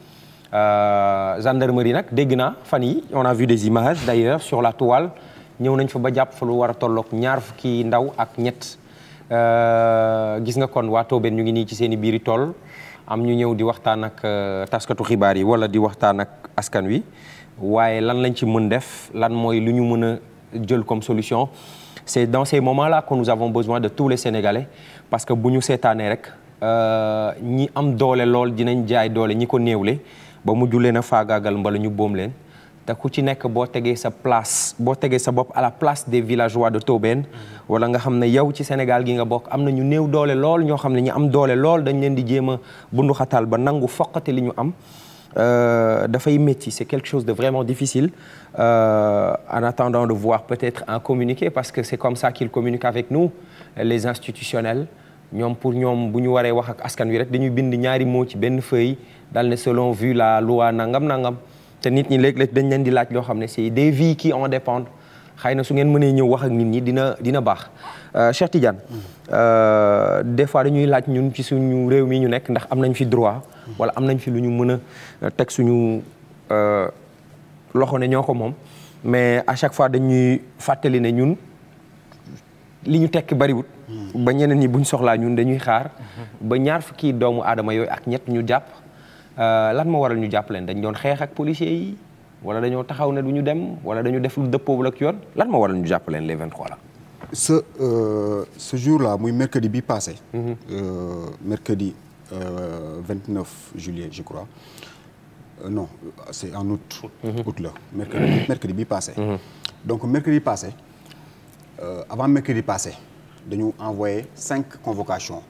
euh, gendarmerie nag dégg na fan yi on a vu des images d'ailleurs sur la toile ñëw nañ fa ba jàpp fa lu war a tolloog ñaar fukki ndaw ak ñett Euh, gis nga kon waa Tobène ñu ngi nii ci seen i biiri tool am ñu ñëw di waxtaan ak euh, taskatu xibaar yi wala di waxtaan ak askan wi waaye lan lañ ci mën def lan mooy lu ñu mën a jël comme solution c'est dans ces moments-là que nous avons besoin de tous les Sénégalais parce que bu ñu seetaanee rek euh, ñi am doole lool dinañ jaay doole ñi ko le ba mu leen a faagaagal mbala ñu boom leen te ku ci nekk boo tegee sa place boo tegee sa bopp à la place des villageois de Tobène wala nga xam ne yow ci Sénégal gi nga bokk am na ñu néew doole lool ñoo xam ne ñu am doole lool dañu leen di jéem a bunduxatal ba nangu foqate li ñu am euh, dafay métti c'est quelque chose de vraiment difficile euh, en attendant de voir peut-être en communiqué parce que c'est comme ça qu'ils communiquent avec nous les institutionnels ñoom pour ñoom bu ñu waree wax ak askan wi rek dañuy bind ñaari mots ci benn feuille dal ne selon vu la nangam nangam te nit ñi léeg-léeg dañ leen di laaj loo xam ne c'est des vies qui en dépendent xëy na su ngeen mënee ñëw wax ak nit ñi dina dina baax euh, Cheikh Tidiane euh, des fois dañuy laaj ñun ci suñu réew mi ñu nekk ndax am nañ fi droit wala am nañ fi lu ñu mën a euh, teg suñu loxo ne ñoo ko moom mais à chaque fois dañuy fàttali ne ñun li ñu tekki bariwut hmm. ba ñeneen ñi buñ soxlaa ñun dañuy xaar hmm. ba ñaar fukki doomu aadama yooyu ak ñett ñu jàpp Euh, lan moo waral ñu jàppaleen dañu dañ doon xeex ak policiers yi wala dañoo taxaw ne du ñu dem wala dañu def lu dëppoowul ak yoon lan moo waral ñu jàpp leen les 23 la. ce euh, ce jour muy mercredi bi passé. Mm -hmm. euh, mercredi euh, 29 je crois euh, non c'est en août. Mm -hmm. la mercredi bi passé. Mm -hmm. donc mercredi passé euh, avant mercredi passé dañu envoyé cinq convocations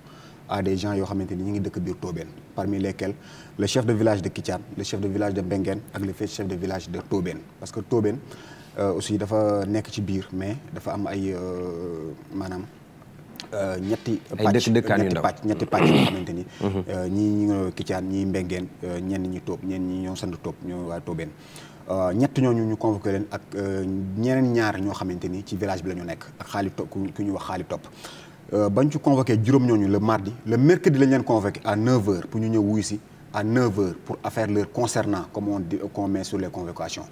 à des gens yoo xamante ni ñu ngi dëkk biir Tobène. parmi lesquels le chef de village de Kithiane le chef de village de Bengen ak le chef de village de Tobène parce que Tobène euh, aussi dafa nekk ci biir mais dafa am ay euh, maanaam euh, ñetti pàcc ñetti pàcc ñetti pàcc xamante ni ñii mhm. ñi ngi ñii Mbengeen ñenn ñi Toob ñenn ñi ñoo sant Toob ñoo waa Toobeen ñett ñooñu ñu convoqué leen ak ñeneen ñaar ñoo xamante ni ci village bi la ñu nekk ak xaali topp ku ñu wax xaali topp Euh, bañ ci convoqué juróom ñooñu le mardi le mercredi lañ leen convoqué à 9h pour ñu ñëw wuyu à 9h pour affaire leur concernant comme on dit qu'on sur les convocations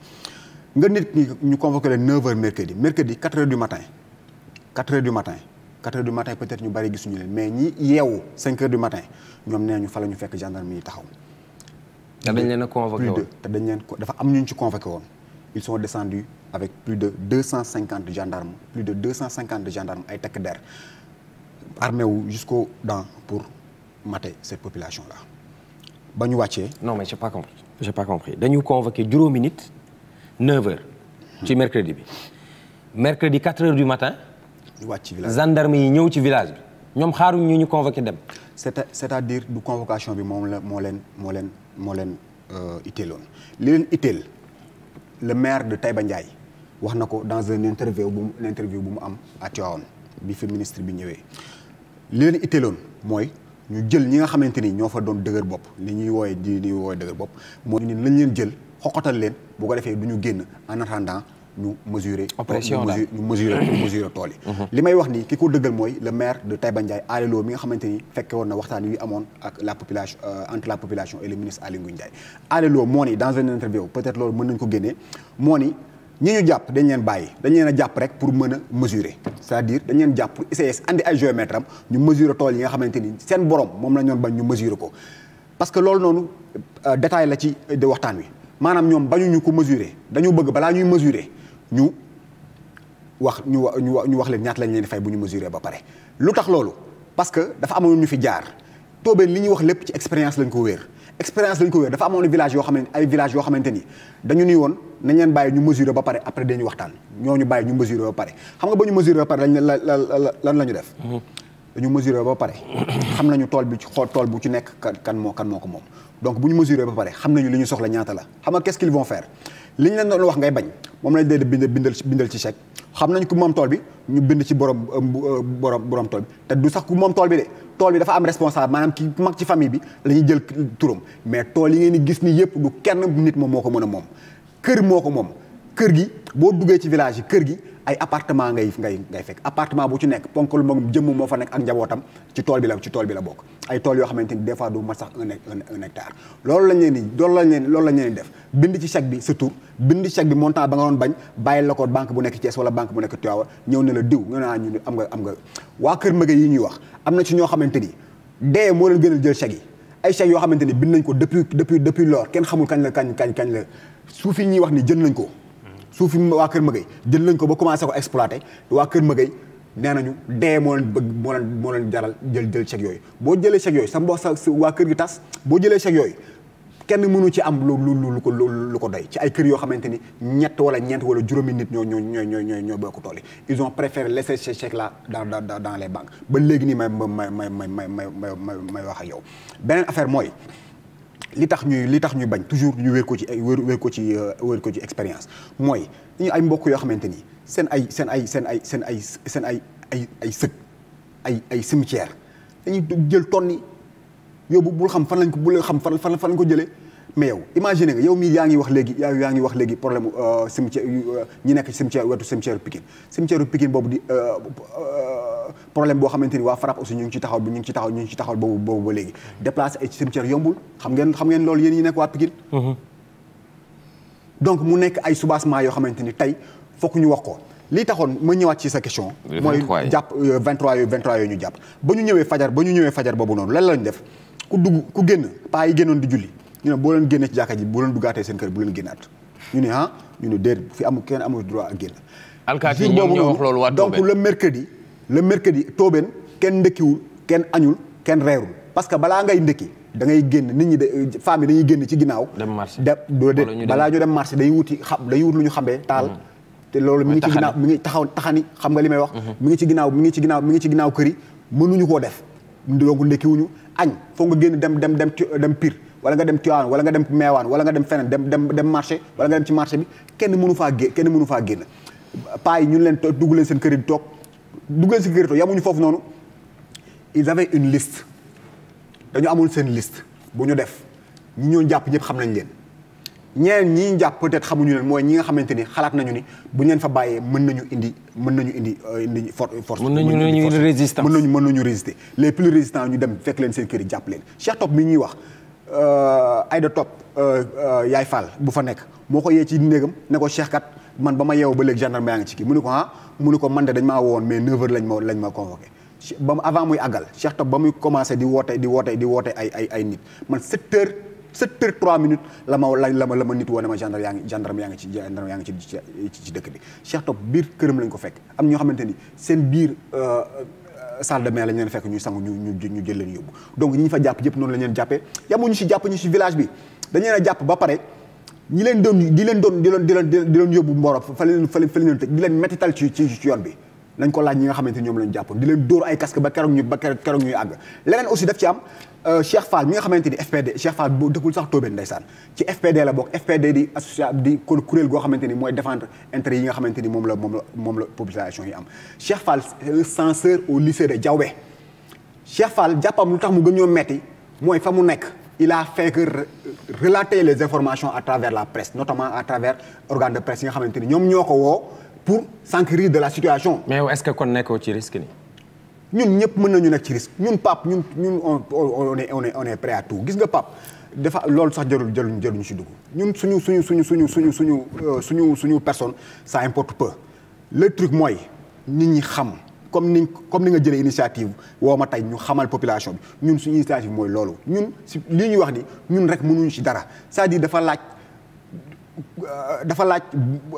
nga nit ñi ñu convoqué leen 9h mercredi mercredi 4h du matin 4h du matin 4h du matin peut-être ñu bari gisuñu leen mais ñi yeewu 5h du matin ñoom nee ñu fa la ñu fekk gendarmerie taxaw. te dañ leen a te dañ leen dafa am ñu ñu ci convoqué woon. ils sont descendus avec plus de 250 gendarmes plus de 250 gendarmes ay takk der. armé wu jusqu'aux dents pour mater cette population la ba ñu wàccee. non mais j'ai pas compris pas compris dañu convoqué juróomi nit 9 heures. ci hmm. mercredi bi. mercredi 4 heures du matin. ñu wàcc ci village gendarme yi ñëw ci village bi ñoom xaaru ñu ñu convoqué dem. c'est c'est-à-dire du convocation bi moom la moo leen moo leen moo leen euh, itteeloon li leen itteel le maire de Taïba Ndiaye wax na ko dans un interview bu mu interview bu mu am à bi fi ministre bi ñëwee li leen loon mooy ñu jël ñi nga xamante ni ñoo fa doon dëgër bopp li ñuy wooye di ñuy wooye dëgër bopp mooy ni lañ leen jël xoqatal leen bu ko defee du ñu génn en attendant ñu mesurer opération la ñu mesurer mesurer tool yi mhm. li may wax nii ki ko dëggal mooy le maire de Taïba Ndiaye Aly Lo mi nga xamante ni fekke woon na waxtaan wi amoon ak la population euh, entre la population et le ministre Aly Ngouille Ndiaye Aly Lo moo ni dans une interview peut-être loolu mën nañ ko génnee moo ni ñi ñu jàpp dañ leen bàyyi dañ leen a jàpp rek pour mën a mesurer c'est-à-dire dañ leen jàpp pour essayer andi ay géomètre am ñu mesurer tool yi nga xamante ni seen borom moom la ñoon bañ ñu mesurer ko parce que loolu noonu euh, détail la ci euh, de waxtaan wi maanaam ñoom bañu ko mesurer dañu bëgg balaa ñuy mesurer ñu wax ñu wa ñu wax leen ñaata lañ leen di fay bu ñu mesurer ba pare lu tax loolu parce que dafa amoon ñu fi jaar toobeen li ñuy wax lépp ci expérience lañ ko wéer expérience lañ ko wér dafa amoon village yoo xam ne ay village yoo xamante ni dañu ni woon nañ bàyyi ñu mesurer ba pare après dañuy waxtaan ñooñu bàyyi ñu mesurer ba pare xam nga ba ñu mesurer ba pare lañ la lan la ñu def mhm. dañu mesurer ba pare xam nañu tool bi ci xool tool bu ci nekk kan moo kan moo ko moom donc bu ñu mesurer ba pare xam nañu li ñu soxla ñaata la xam nga qu'est-ce qu'ils vont li ñu leen doon wax ngay bañ moom lañ dee bind bindal bindal ci chèque xam nañ ku moom tool bi ñu bind ci borom euh, euh, borom borom tool bi te du sax ku moom tool bi de tool bi dafa am responsable maanaam ki mag ci famille bi la ñuy jël turam mais tool yi ngeen di gis nii yëpp du kenn nit moom moo ko mën a moom kër moo ko moom kër gi boo duggee ci village yi kër gi ay apartement ngay ngay ngay fekk appartement bu ci nekk ponkal moom jëmm moo fa nekk ak njabootam ci tool bi la ci tool bi la bokk ay tool yoo xamante ni des fois du mat sax un un hectare loolu lañ leen di loolu lañ leen loolu lañ leen def bind ci chèque bi sa tur bind ci chèque bi montant ba nga ko banque bu nekk Thiès wala banque bu nekk Tivaouane ñëw ne la diw nga am nga am nga waa kër Maguette ñuy wax am na ci ñoo xamante ni dee moo leen gënal jël chèque yi ay chèques yoo xamante ni bind nañ ko depuis depuis depuis lors kenn xamul kañ la kañ kañ kañ la suuf yi ñuy wax ni jënd nañ ko suufi waa Kër Mëgëy jël nañ ko ba commencé ko exploité waa Kër Mëgëy nee nañu dee moo leen bëgg moo leen moo leen jaral jël jël chèque yooyu boo jëlee chèque yooyu sa mbokk sa waa kër gi tas boo jëlee chèque yooyu kenn mënu ci am lu lu lu ko lu ko doy ci ay kër yoo xamante ni ñett wala ñeent wala juróomi nit ñoo ñoo ñoo ñoo ñoo ñoo bokk tool yi ils ont préféré laisser ces chèques là dans dans dans les banques ba léegi nii may may may may may may may wax yow beneen affaire mooy. li tax ñuy li tax ñuy bañ toujours ñu wér ko ci wér ko ci euh, wér ko ci expérience mooy ñu ay mbokk yoo xamante ni seen ay seen ay seen ay seen ay seen ay ay ay sëg ay ay cimetière dañuy jël tonni yóbbu bul xam fan lañ ko bul xam fan fan lañ ko jëlee mais yow imagine nga yow mii yaa ngi wax léegi yaa yaa ngi wax léegi problème euh, cimetière euh, ñi nekk cimetière wetu cimetière Pikine cimetière Pikine boobu di problème boo xamante ni waa FRAPP aussi ñu ngi ci taxaw ñu ngi ci taxaw boobu ba léegi déplacer ay cimetière yombul xam ngeen xam ngeen loolu nekk waa Pikine mm-hmm. donc mu nekk ay soubassement yoo xamante ni tey fokk ñu wax ko lii taxoon ma ñëwaat ci sa question mooy jàpp 23 euh, yooyu 23 yooyu ñu jàpp ba ñu ñëwee fajar ba ñu ñëwee fajar boobu noonu lan lañ def ku dugg ku génn paa yi génnoon di julli ñu ne boo leen génnee jàkka ji boo leen duggaatee seen kër bu leen génnaat ñu ne ah ñu ne déet le mercredi toobeen kenn ndëkkiwul kenn añul kenn reerul parce que balaa ngay ndëkki da ngay génn nit ñi de euh, femme yi dañuy génn ci ginnaaw. dem marché de balaa ñu dem marché dañuy wuti xam dañuy wut lu ñu xamee taal. Mm. te loolu mi ngi ci ginnaaw mi ngi taxaw taxani xam nga li may wax. Mm-hmm. mi ngi ci ginnaaw mi ngi ci ginnaaw mi ngi ci ginnaaw kër yi mënuñu koo def. donc ndekkiwuñu añ foog nga génn dem dem dem dem Pire wala nga dem Tivaouane wala nga dem Meewaan wala nga dem feneen dem dem dem marché wala nga dem ci marché bi kenn mënu faa génn kenn mënu faa génn paa yi ñu leen dugg leen seen kër yi di toog duggal si Créto yamuñu foofu noonu ils avaient une liste dañu amoon seen liste bu ñu def ñi ñoo jàpp ñëpp xam nañ leen ñeneen ñi ñu jàpp peut-être xamuñu leen mooy ñi nga xamante ni xalaat nañu ni bu ñu leen fa bàyyee mën nañu indi mën nañu indi euh, indi force. mën nañu mën nañu résister mën nañu mën nañu résister les plus résistants ñu dem fekk leen seen kër yi jàpp leen Cheikh Top mi ñuy wax. Euh, Aïda Top euh, euh, Yaay Fall bu fa nekk moo ko yee ci néegam ne ko Cheikh kat man ba ma yeewu ba léegi gendarme yaa ngi ci kii mu ne ko ah mu ne ko man de dañ maa wowoon mais 9h lañ ma lañ ma convoqué. ba avant muy àggal Cheikh Top ba muy commencé di wootee di woote di woote ay ay ay nit man 7h 7h 3 minutes la ma la la ma nit woone ma gendarme yaa ngi gendarme yaa ngi ci gendarme yaa ngi ci ci dëkk bi Cheikh Top biir këram lañ ko fekk am ñoo xamante ni seen biir. salle de bain lañ leen fekk ñuy sangu ñu ñu ñu jël leen yóbbu donc ñi fa jàpp yëpp noonu la ñu leen jàppee yamuñu si jàpp ñu si village bi dañu leen a jàpp ba pare ñi leen doon di leen doon di leen di leen di leen yóbbu Mboro fa leen fa leen tëj di leen méttital ci yoon bi nañ ko laaj ñi nga xamante ñoom lañ jàppoon di leen dóor ay casque ba keroog ñu ba keroog ñuy àgg leneen aussi daf ci am Euh, Cheikh Fall mi nga xamante ni FPD Cheikh Fall boo dëkkul sax Tobène ndeysaan ci FPD la bokk FPD di association di kon kuréel goo xamante ni mooy défendre intérêt yi nga xamante ni moom la moom la moom la population yi am Cheikh Fall censeur au lycée de Diaobé Cheikh Fall jàppam lu tax mu gën ñoo metti mooy fa mu nekk il a fait que relater les informations à travers la presse notamment à travers organes de presse yi nga xamante ñoom ñoo ko woo pour s'enquérir de la situation mais est-ce nekkoo ci risque ni ñun ñëpp mën nañu nekk ci risque ñun Pape ñun ñun on on est on est on est prêt à tout gis nga Pape dafa loolu sax jarul jarul jarul ñu si dugg ñun suñu suñu suñu suñu suñu suñu euh, suñu suñu personne ça importe peu le mooy nit ñi xam comme ni comme ni nga jëlee initiative woo ma tey ñu xamal population bi ñun suñu initiative mooy loolu ñun si lii ñuy wax ni ñun rek munuñu si dara cest à dafa laaj euh, dafa laaj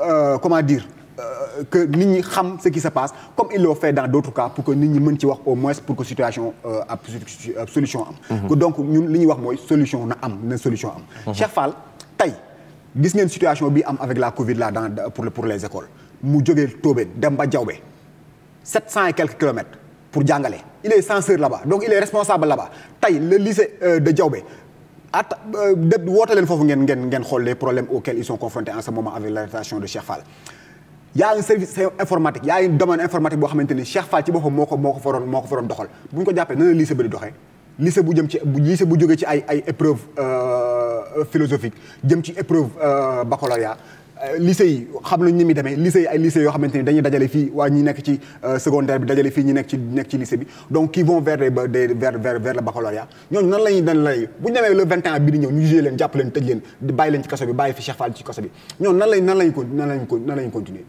euh, comment diir Euh, que nit ñi xam ce qui se passe comme ils l'ont fait dans d'autres cas pour que nit ñi mën ci wax au moins pour que situation euh, ab euh, solution am. Mm donc ñun li ñuy wax mooy solution na am na solution am. Mm -hmm. Cheikh Fall tey gis ngeen situation bi am avec la Covid là dans pour pour les écoles mu jógee Tobène dem ba Diaobé sept cent et quelques kilomètres pour jàngale il est censeur là-bas donc il est responsable là-bas tey le lycée euh, de Diaobé. Euh, woote leen foofu ngeen ngeen ngeen y a un service informatique y a un domaine informatique boo xamante ni Cheikh Fall ci boppam moo ko moo ko faroon moo ko faroon doxal bu ñu ko jàppee nan la bu jëm ci lycée bu jógee ci ay ay épreuve euh, philosophique ci épreuve euh, baccalauréat euh, lycée yi xam nañ ni muy demee lycée yi ay ni dañuy dajale fii waa ñi nekk ci secondaire bi dajale fii ñi nekk ci nekk ci lycée bi donc qui vont vers des vers vers vers le baccalauréat lañuy nan lay bu ñu demee le 21 bi di ñëw ñu jugé leen jàpp leen tëj leen bàyyi leen ci kaso bi bàyyi fi Cheikh Fall ci kaso bi ñooñu nan lañ nan lañ ko nan lañ ko nan lañ continuer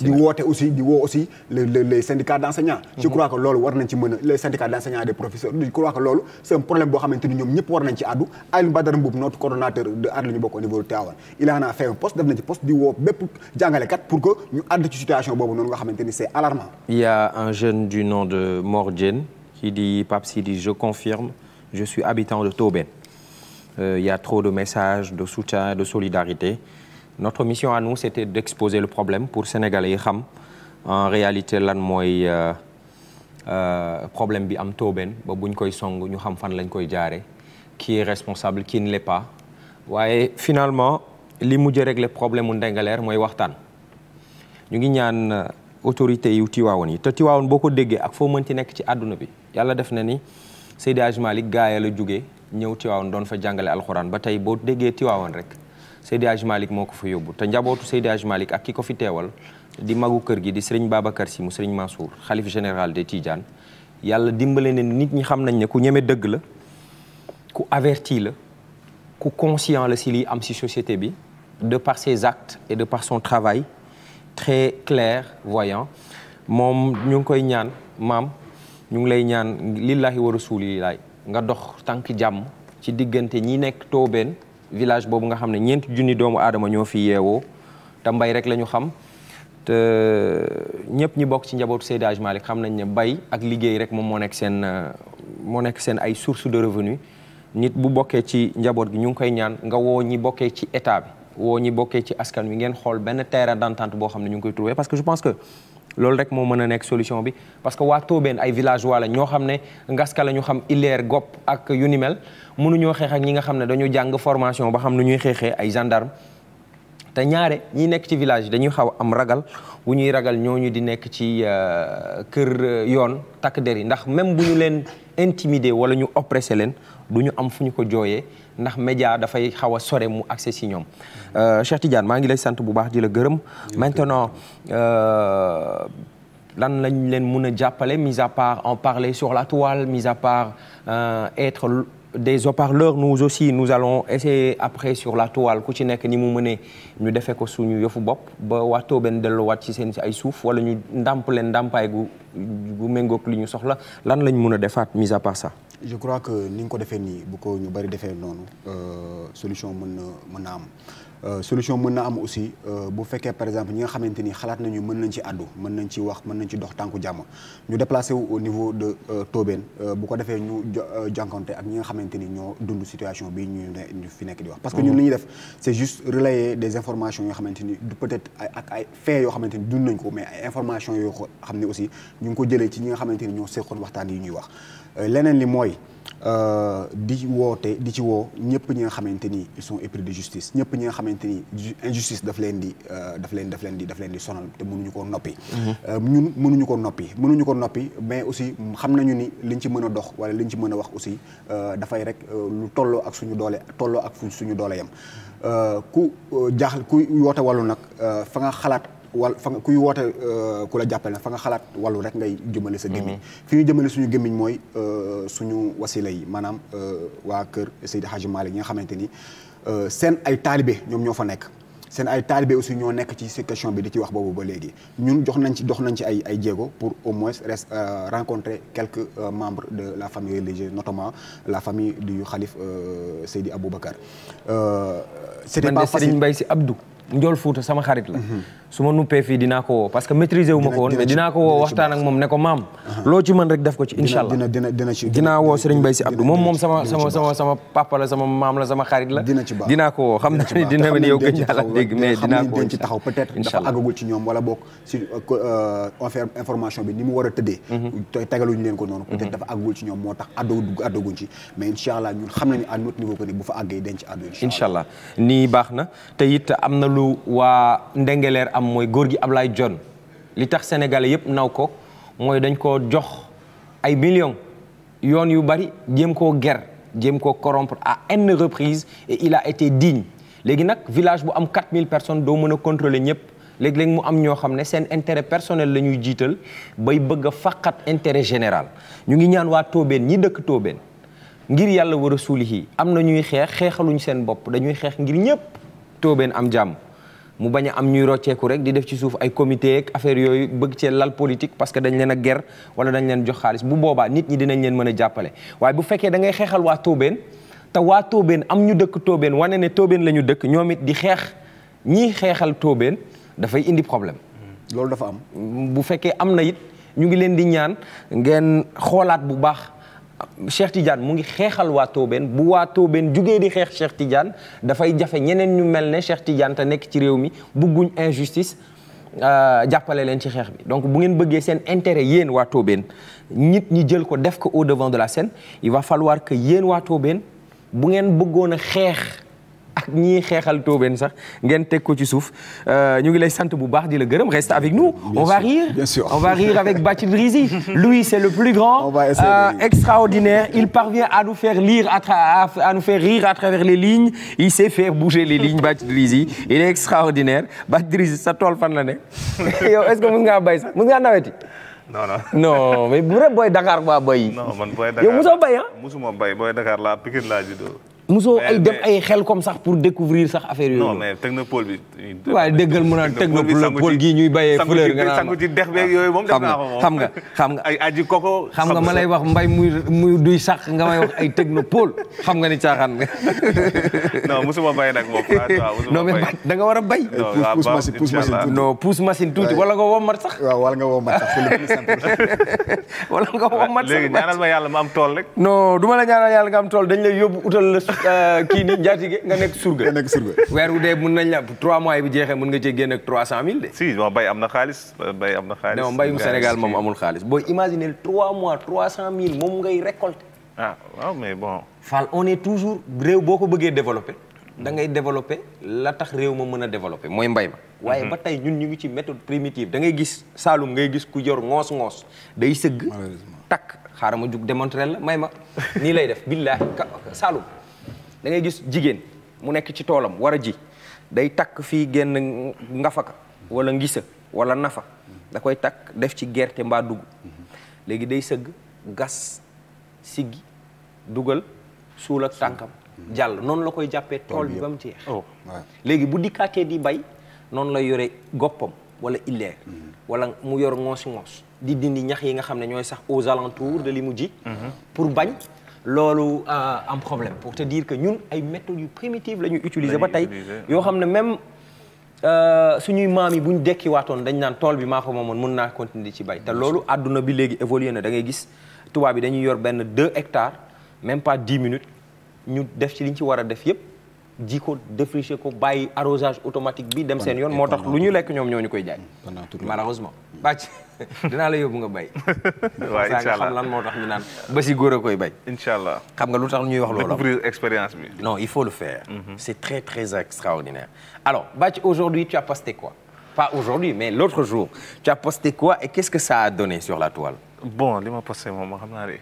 di woote aussi di woo aussi les les syndicats d' enseignants je mhm. loolu war ci mën a les syndicats d' enseignants et des professeurs loolu c' problème boo xamante ñoom ñëpp war nañ ci àddu Aliou Badara Mboup notre coordonnateur de aar la ñu bokk au de Tivaouane il en a fait un poste def nañ ci poste di woo bépp jàngalekat pour que ñu àdd ci situation boobu noonu nga xamante alarmant il a un jeune du nom de Mor qui dit Pape Sidi je confirme je suis de Tobène euh, de solidarité notre mission à nous c'était d'exposer le problème pour sénégalais yi xam en réalité lan mooy euh, euh, problème bi am Tóobén ba buñ koy song ñu xam fan lañ koy jaare qui est responsable qui ne l'est pas waaye finalement li mujj régler problème mu Ndingler mooy waxtaan ñu ngi ñaan euh, autorités yu Tiwaawoon yi te Tiwaawoon boo ko déggee ak foo mënti nekk ci àdduna bi yàlla def na ni Seydi Hadj Malick gaaya la jógee ñëw Tiwaawoon doon fa jàngale alxuraan ba tey boo déggee Tiwaawoon rek Seydi Hadji Malick moo ko fa yóbbu te njabootu Seydi Hadji Malick ak ki ko fi teewal di magu kër gi di sëriñ Babacar Sy mu sëriñ Mansour xalif général des tijan yàlla dimbale ne nit ñi xam nañ ne ku ñeme dëgg la ku averti la ku conscient la si liy am si société bi de par ses actes et de par son travail très clair voyant moom ñu ngi koy ñaan maam ñu ngi lay ñaan lillahi wa rasulillahi nga dox tànk jàmm ci diggante ñi nekk toobeen village boobu nga xam ne ñeenti junni doomu aadama ñoo fi yeewoo te mbay rek la ñu xam te ñëpp ñi bokk ci njaboot Seydi Hadji Malick xam nañ ne bay ak liggéey rek moom moo nekk seen moo nekk seen ay source de revenu nit bu bokkee ci njaboot gi ñu ngi koy ñaan nga woo ñi bokkee ci état bi woo ñi bokkee ci askan wi ngeen xool benn tera d'entente boo xam ne ñu ngi koy trouver parce que je pense que loolu rek moo mën a nekk solution bi parce que waa Tóobeen ay villageois la ñoo xam ne ngaska la ñu xam Ileer Gopp ak yu ni mel mënuñoo xeex ñi nga xam ne dañoo jàng formation ba xam nu ñuy xeexee ay gendarme te ñaare ñi nekk ci village dañuy xaw am ragal bu ñuy ragal ñooñu di nekk ci euh, kër euh, yoon takk der yi ndax même bu ñu leen intimider wala ñu oppressé leen du ñu am fu ñu ko jooyee ndax média dafay xaw a sore mu accès si ñoom euh, Cheikh Tidiane maa ngi lay sant bu baax di la gërëm maintenant euh, lan lañ leen mun a jàppale mise à part en parler sur la toile mis à part euh, être des haut-parleurs nous aussi nous allons essayer après sur la toile ku ci nekk ni mu mënee ñu defee ko suñu yëfu bopp ba waa Tobène delluwaat ci seen ay suuf wala ñu ndàmp leen ndàmpaay gu gu méngoog li ñu soxla lan lañ mun a defaat mis à part ça je crois que ni nga ko defee nii bu ko ñu bari defee noonu euh, solution mën na mën na am euh, solution mën na am aussi euh, bu fekkee par exemple ñi nga xamante ni xalaat nañu mën nañ ci àddu mën nañ ci wax mën nañ ci dox tànku jàmm ñu déplacé wu au niveau de Tobène bu ko defee ñu jànkonte ak ñi nga xamante ni ñoo dund situation bi ñu ne fi nekk di wax. parce que ñun li ñuy def c' est juste relayer des informations yoo xamante ni du peut être ak ay faits yoo xamante ni dund nañ ko mais ay informations yoo xam ne aussi ñu ngi ko jëlee ci ñi nga xamante ni ñoo seqoon waxtaan yi ñuy wax. Euh, leneen li mooy euh, di woote di ci woo ñëpp ñi nga xamante ni ils sont épris de justice ñëpp ñi nga xamante ni injustice daf leen di euh, daf leen daf leen di daf leen di sonal te mënuñu koo noppi. Mm-hmm. ñun mënuñu koo noppi mënuñu ko noppi mais aussi xam nañu ni li liñ ci mën a dox wala liñ ci mën a wax aussi dafay rek lu tolloo ak suñu doole tolloo ak suñu doole yam ku jaaxle ku woote wàllu nag fa nga xalaat. wal fa nga kuy woote euh, ku la jàppale fa nga xalaat wàllu rek ngay jëmale sa gémmiñ mm-hmm. fi ñu jëmale suñu gémmiñ mooy euh, suñu wasila yi maanaam euh, waa kër Seydi Hadji Malick ñi nga xamante ni seen ay taalibe ñoom ñoo fa nekk seen ay taalibe aussi ñoo nekk ci si question bi di ci wax boobu ba léegi ñun jox nañ ci dox nañ ci ay ay jéego pour au moins res rencontrer quelque membre de la famille religieuse notamment la famille du xalif Seydi Aboubacar c'était pas facile Serigne Mbaye Sy Abdou njool fuuta sama xarit la su ma nuppee fii dinaa ko woo parce moom ne maam loo ci mën rek def ko ci incha dinaa woo Serigne baax na te am na lu waa Ndengeleer am mooy góor gi Ablaye John li tax sénégalais yëpp naw ko mooy dañ koo jox ay millions yoon yu bari jéem koo ger jéem koo corrompre a n reprise et il a été digne léegi nag village bu am mille personnes doo mën a contrôler ñëpp léeg-léeg mu am ñoo xam ne seen intérêt personnel la ñuy jiital bay bëgg a fàqat général ñu ngi ñaan waa Toobeen ñi dëkk Toobeen ngir yàlla war a suuli am na ñuy xeex xeexaluñ seen bopp dañuy xeex ngir ñëpp tóobeen am jàmm mu bañ a am ñuy rocceeku rek di def ci suuf ay comité ak affaire yooyu bëgg cee lal politique parce que dañ leen a ger wala dañ leen jox xaalis bu boobaa nit ñi dinañ leen mën a jàppale waaye bu fekkee da ngay xeexal waa tóobeen te waa am ñu dëkk tóobeen wane ne tóobeen la ñu dëkk ñoom it di xeex ñii xeexal tóobeen dafay indi problème loolu dafa am bu fekkee am na it ñu ngi leen di ñaan ngeen xoolaat bu baax Cheikh Tidiane mu ngi xeexal waa Tobène bu waa Tobène jugee di xeex Cheikh Tidiane dafay jafe ñeneen ñu mel ne Cheikh Tidiane te nekk ci réew mi bugguñ injustice euh, jàppale leen ci xeex bi donc bu ngeen bëggee seen intérêt yéen waa Tobène nit ñi jël ko def ko au devant de la scène il va falloir que yéen waa Tobène bu ngeen bëggoon a xeex ak ñii xeexal Tobène sax ngeen teg ko ci suuf euh, ñu ngi lay sant bu baax di la gërëm reste avec nous on va rire bien sûr on va rire avec Bathily Brizy <laughs> lui c'est le plus grand euh, extraordinaire il parvient à nous faire lire à nous faire rire à travers les lignes il sait faire bouger les lignes Bathily Brizy il est extraordinaire Bathily Brizy sa tool fan la ne <laughs> yow est-ce que mën ngaa bay sax mën ngaa naweti non non non mais bu rek booy Dakar ba bay non man booy Dakar yow bay ah? bay Dakar laa Pikine laa juddoo musoo ay dem ay xel comme sax pour découvrir sax affaire yooyu. waaye déggal mu naan technopole gii ñuy bayee fleur nga naan moom def ko moom xam nga xam nga ay ma lay wax mbay muy muy duy sax nga may xam nga ni caaxaan nga. <laughs> non musuma bay nag moom ah, non mais a bay. pousse machine pousse machine tuuti non pousse machine tuuti wala nga wommat sax. wala nga <laughs> ma yàlla ma am tool rek. non du ma la ñaanal yàlla nga am tool dañ lay yóbbu utal la Euh, kii nii njaatige nga nekk surga. nga weer wu dee mun nañ la trois mois yi bu jeexee mën nga cee génn ak trois cent mille de. am na xaalis mbay am na Sénégal moom amul xaalis booy imaginer trois mois trois cent mille moom ngay récolter. Ah, mais bon. Fall on est toujours réew boo ko bëggee développer. da ngay développer la tax réew ma mën a développer mooy mbay ma. waaye mhm. ba tey ñun ñu ngi ci méthode primitive da ngay gis Saalum ngay gis ku yor ngoos-ngoos day sëgg. takk xaaral ma jug démontrer la may ma nii lay def billahi Saalum. dangay gis jigéen mu nekk ci toolam war a ji day takk fii genn ngafaka wala ngisa wala nafa da koy takk def ci gerte mbaa dugg léegi day sëgg gas siggi dugal suul ak tànkam jàll noonu la koy jàppee tool bi ba mu jeex oh, léegi bu dikkaatee di bay noonu la yore goppam wala illeer wala mu yor ngoosi ngoos di dindi ñax yi nga xam ne ñooy sax aux alentours de li mu ji mm-hmm. pour bañ loolu euh, am problème pour te dire que ñun ay méthodes yu primitives la ñuy utiliser ba tey yoo xam ne même euh, suñuy maam yi buñ ñu dekki waatoon dañ naan tool bi maa ko moomoon mun naa continuer ci bay te loolu àdduna bi léegi évolué na dangay gis tubaab bi dañuy yor benn deux hectare même pas dix minutes ñu def ci li ci war a def yëpp ji ko défricher ko bàyyi arrosage automatique bi dem seen yoon moo tax lu ñu lekk ñoom ñoo ñu koy jaay malheureusement bàcc <laughs> dinaa la yóbbu nga bay waaw incha allah xam lan moo tax ñu naan ba si góor a koy bay incha allah xam nga lu tax ñuy wax loolu découvrir expérience bi non il faut le faire mm-hmm. c'est très très extraordinaire alors bàcc aujourd'hui tu as posté quoi pas aujourd'hui mais l'autre jour tu as posté quoi et qu'est-ce que ça a donné sur la toile bon li ma posté moom ma xam naa de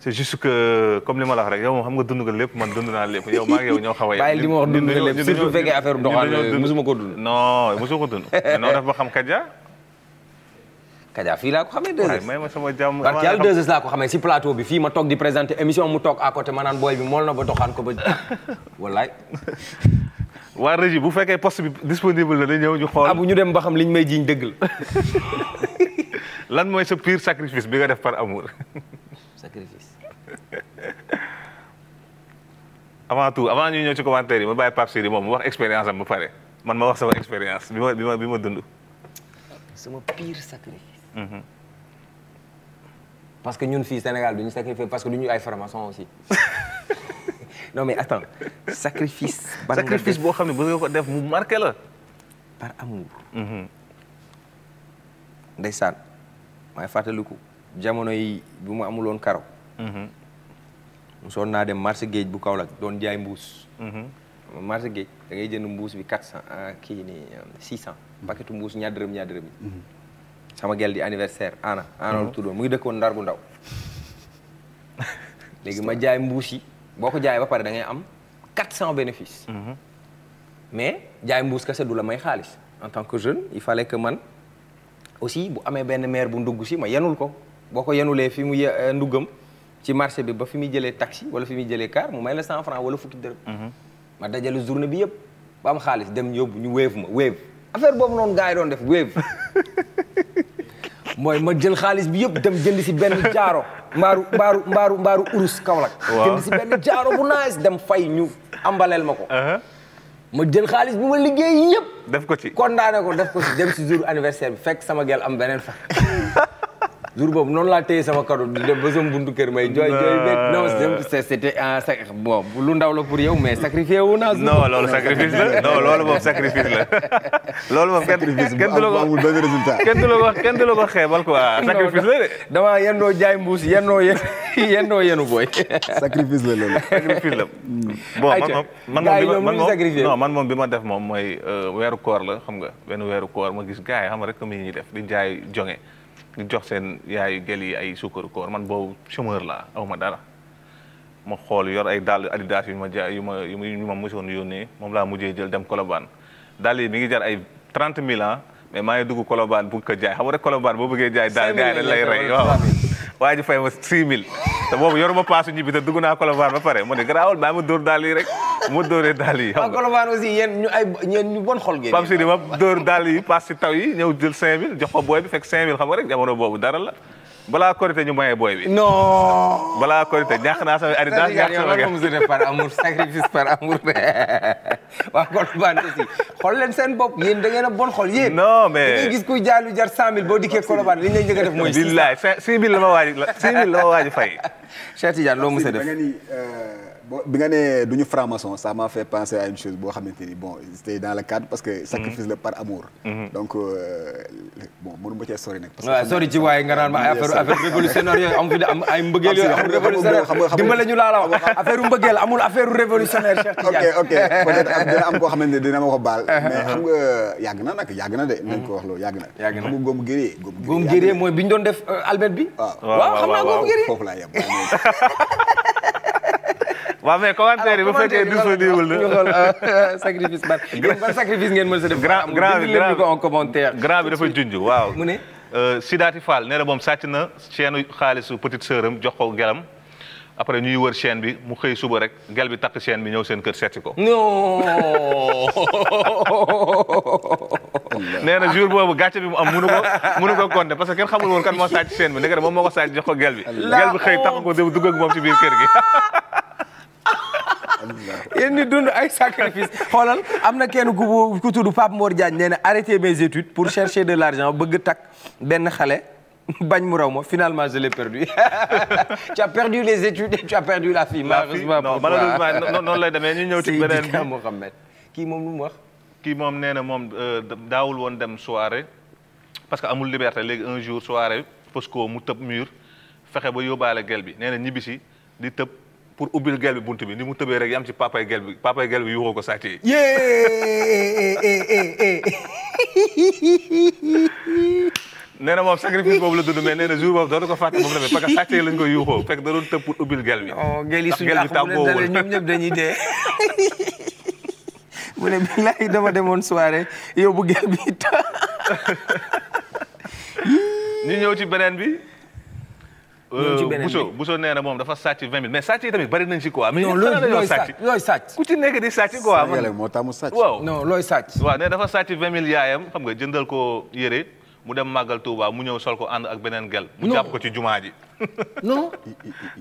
c'est juste que comme li ma la wax rek yow moom xam nga dund lépp man dund naa lépp yow maa yow ñoo xaw a. bàyyi li ma wax dund nga ko dund. non mosuma ko dund. mais <laughs> noo ba xam Kaja. Kaja fii laa ko xamee deux may ma sama jàmm parce que yàlla deux heures laa si plateau bi fii ma toog di présenter émission mu toog a côté ma naan booy bi mool na ba doxaan ko ba <laughs> wallaay. <laughs> waa régie bu fekkee poste bi disponible na dañu ñëw ñu xool. abu ñu dem ba xam liñ may jiñ dëgg la. lan mooy sa pire sacrifice bi nga def par amour. <laughs> avant tout avant ñu ñëw ci commentaire yi ma bàyyi Pape moom mu wax expérience am ba pare man ma wax sama expérience bi ma bi ma bi ma dund. sama pire sacrifice. Mhm. parce que ñun fii Sénégal du ñu sacrifier parce que du ay formation aussi. <laughs> non mais attends sacrifice. boo xam ne bëgg nga ko def mu marqué la. par amour. Mhm. ndeysaan maay yi bu mu amuloon karo. Mhm. mosoon naa dem marché géej bu Kaolack doon jaay mbuus. Mhm. marché géej da ngay jënd mbuus bi quatre cent euh, kii nii euh, six cent. Mhm. paquetu mbuus ñaar dërëm mhm. sama gel di anniversaire ana ana lu tuddoon mu ngi dëkkoon ndar bu ndaw. <laughs> léegi ma jaay mbuus yi boo ko jaayee ba pare da ngay am quatre cent bénéfice. mais jaay mbuus kese seddu la may xaalis en tant que jeune il fallait que man aussi bu amee benn maire bu ndugg si ma yenul ko boo ko yenulee fi mu ye euh, nduggam. ci marché bi ba fi muy jëlee taxi wala fi muy jëlee car mu may la cent franc wala fukki dërëm. Mhm. ma dajale journée bi yëpp ba am xaalis dem yóbbu ñu wéev ma wéev affaire boobu noonu gaay doon def wéev <laughs> mooy ma jël xaalis bi yëpp dem jënd si benn jaaro mbaaru mbaaru mbaaru mbaaru urus Kaolack. waaw jënd dem fay ñu ambaleel ma ko. Uh-huh. ma jël xaalis bi ma liggéey yëpp. def ko ci kondaane ko def ko ci dem si jour anniversaire bi fekk sama gel am beneen fa. <laughs> jur boobu noonu laa téye sama cadeau di dem ba sama buntu kër may jooy jooy beeg non c'était un euh, bon lu ndaw la pour yow mais sacrifié wu naa non loolu sacrifice la non loolu moom sacrifice la <laughs> loolu moom kenn kenn du la ko kenn ko kenn du la ko xeebal sacrifice la de damaa yendoo jaay mbuus yendoo yen <laughs> yendoo yenu booy <laughs> sacrifice la loolu sacrifice la bon man moom man moom non man moom bi ma def moom mooy euh, weeru koor la xam nga benn weeru koor ma gis gars yi xam nga rek comme yi ñuy def di jaay jonge di jox seen yaayu gel yi ay sukkaru koor man boobu chômeur la aw ma dara ma xool yor ay dàll adidas yu ma ja yu ma yu ma mosoon yónnee moom laa mujjee jël dem kolobaan dàll yi mi ngi jar ay trente mille ans ah, mais maa ngi dugg Colobane bu ko jaay xam rek Colobane boo bëggee jaay dàll gars yi dañ rey waaw waa ji fay ma 6000 te boobu yoruma paasu ñibbi te dugg naa Colobane ba pare mu ne garaawul baa ma dóor daal yi rek ma dóoree daal yi. a Colobane aussi yéen ñu ay yéen ñu bon xol ngeen. Pape Sidi ma dóor daal yi paas si taw yi ñëw jël 5000 jox ko booy bi fekk 5000 xam nga rek jamono boobu dara la. balaa korité ñu maye booy bi. non. balaa korité ñàkk naa sama Adidas ñàkk sama gerte. c'est-à-dire par amour sacrifice par amour. <laughs> waa kon baan aussi xool leen seen bopp yéen da ngeen a bon xol yéen. non mais da ngay gis kuy jaalu jar 100000 boo dikkee Colobane li ñu lay njëkk a def mooy. billaay 6000 la ma waaj 6000 la ma waaj fay. <laughs> Cheikh Tidiane loo mos bon bi nga nee du ñu franc-maçon ça m'a fait penser à une chose boo xamante ni bon c'était dans le cadre parce que. Mhm. sacrifice la par amour. Mhm. donc euh, bon mënuma cee sori nag. parce que waaw sori ci waaye nga naan ma ay affaire mbëggeel yooyu amul révolutionnaire dimbale ñu la wax affaire mbëggeel amul affaire révolutionnaire Cheikh Tidiane. ok ok am dina am koo xamante ne dina ma ko baal. Uh-huh. mais xam nga yàgg na nag yàgg na de. Uh-huh. nañ ko wax loo yàgg na. yàgg na xam nga góob géré. góob géré mooy bi ñu doon def euh, albert bi. waaw xam naa góob géré foofu laa yem <laughs> waaw mais commentaire yi bu fekkee disponible na ñu xool sacrifice <laughs> ban yéen ngeen mën sa def. grand grand bi grand ko bi dafa junj waaw. mu ne. Euh, Sidaati Fall nee na moom sàcc na seenu xaalisu petite sœur am jox ko gelam après ñuy wër seen bi mu xëy suba rek gel bi takk chaîne bi ñëw seen kër seeti ko. non. <laughs> nee na jour boobu gàcce bi mu am mënu ko mënu ko compter parce que kenn xamul woon kan moo sàcc chaîne bi ndekete moom moo ko sàcc jox ko gel bi. gel bi xëy takk ko dugg ak moom ci biir kër gi. <laughs> <laughs> yéen ñi dund ay sacrifice xoolal am na kenn ku ku tudd Pape Mor Diagne nee na arrêté mes études pour chercher de l'argent bëgg takk benn xale <laughs> bañ mu raw ma finalement je l'ai perdu <laughs> tu as perdu les études et tu as perdu la fille. malheureusement non malheureusement noonu lay demee ñu ñëw ci beneen bi Mohamed kii moom mu wax. ki moom nee na moom euh, daawul woon dem soirée parce que amul liberté léegi un jour soirée parce que mu tëb mur fexe ba yóbbaale gel bi nee na ñibbisi di tëb. pour ubbil gel bunt bi ni mu tëbee rek yam ci papay gel bi papay gel bi yuuxoo ko sàcc yi nee moom sacrifice boobu la dund mais nee na jour boobu dootu ko fàtte moom tamit parce que sàcc yi lañ koy yuuxoo fekk da doon tëb pour ubbil gel bi oh, gel yi suñu dalee ñoom ñëpp dañuy <laughs> <laughs> ñu ñëw ci beneen bi ñëw ci euh, beneen bi Bousso moom dafa sàcc vingt mille mais sàcc yi tamit bari nañ ci ko mais looy sàcc looy sàcc. ku ci nekk di sàcc quoi. Sénégalais moo tax mu sàcc. waaw non looy sàcc. waaw nee dafa sàcc vingt mille yaayam xam nga jëndal ko yére mu dem màggal Touba mu ñëw sol ko ànd ak beneen gel mu jàpp ko ci jumaa ji non.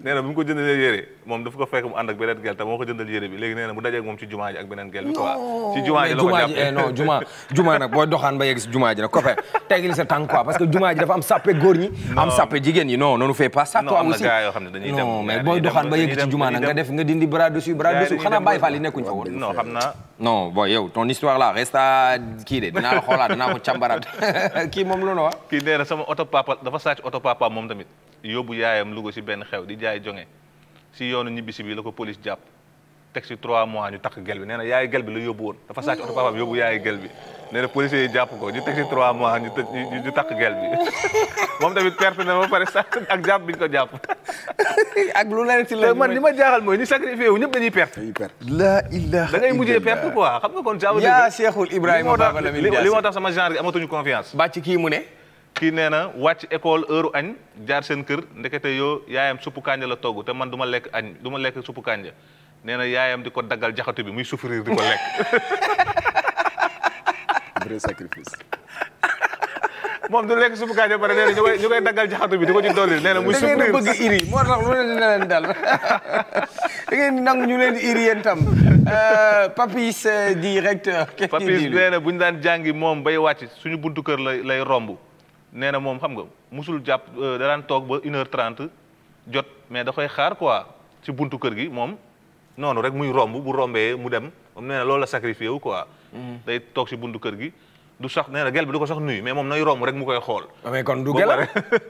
nee na mu ko jëndalee yére moom dafa ko fekk mu ànd ak beneen gel te moo ko jëndal yére bi léegi nee na mu dajeeg moom ci jumaa ji ak beneen gel bi quoi. ci jumaa ji la eh jumaa jumaa doxaan ba yegg si jumaa ji nag copain teggil sa tànk quoi parce que jumaa ji dafa am sàppe ñi. am sàppe jigéen ñi non noonu fee pas ça toi aussi. non am na gars yoo xam ne dañuy dem non mais booy doxaan ba yegg ci jumaa nag nga def nga dindi bras dessus bras dessous xanaa bàyyi faal yi nekkuñ fa woon. non ton histoire là reste à kii de dinaa la xoolaat <laughs> kii moom loolu wa. kii sama oto papa dafa sàcc oto papa moom tamit yóbbu yaayam Louga si benn xew di jaay jonge si yoonu ñibbisi bi la ko police jàpp teg si trois mois ñu takk gel bi nee yaay gel bi la yóbbu woon dafa sàcc oto papaam yaay gel bi nee na policiers ko ñu teg si trois mois ñu tëj ñu takk gel bi <laughs> moom tamit perte na ba pare sax ak jàpp bi ñu ko jàpp. <laughs> ak lu leen ci la man li ma jaaxal mooy ñu sacrifié wu ñëpp dañuy perte. la ilaha da ngay mujjee perte quoi xam nga kon. jaaw yaa Cheikhul Ibrahima Baba tax sama genre amatuñu confiance. bàcc kii mu ne. kii nee na wàcc école heure añ jaar seen kër ndekete yoo yaayam suppu kànja la togg te man duma lekk añ duma lekk suppu kànja nee na yaayam di ko daggal jaxatu bi muy souffrir di ko lekk. <laughs> vrai moom du lekk suppu kànja bare nee na ñu koy daggal jaxatu bi di ko ci dolli nee na muy. souffrir da ngeen tax lu leen leen dal da ngeen nangu ñu leen di iri yéen tam. Euh, Papis euh, di recteur. Papis nee bu ñu daan jàngi moom bay wàcc suñu buntu kër lay lay romb. nee na moom xam nga musul jàpp euh, da daan toog ba une heure jot mais da koy xaar quoi ci buntu kër gi moom noonu rek muy romb bu rombee mu dem moom nee na loolu la wu quoi. Mm. day toog ci buntu kër gi. du sax nee na gel bi du ko sax nuy mais moom nay romb rek mu koy xool. Ah, mais kon du gel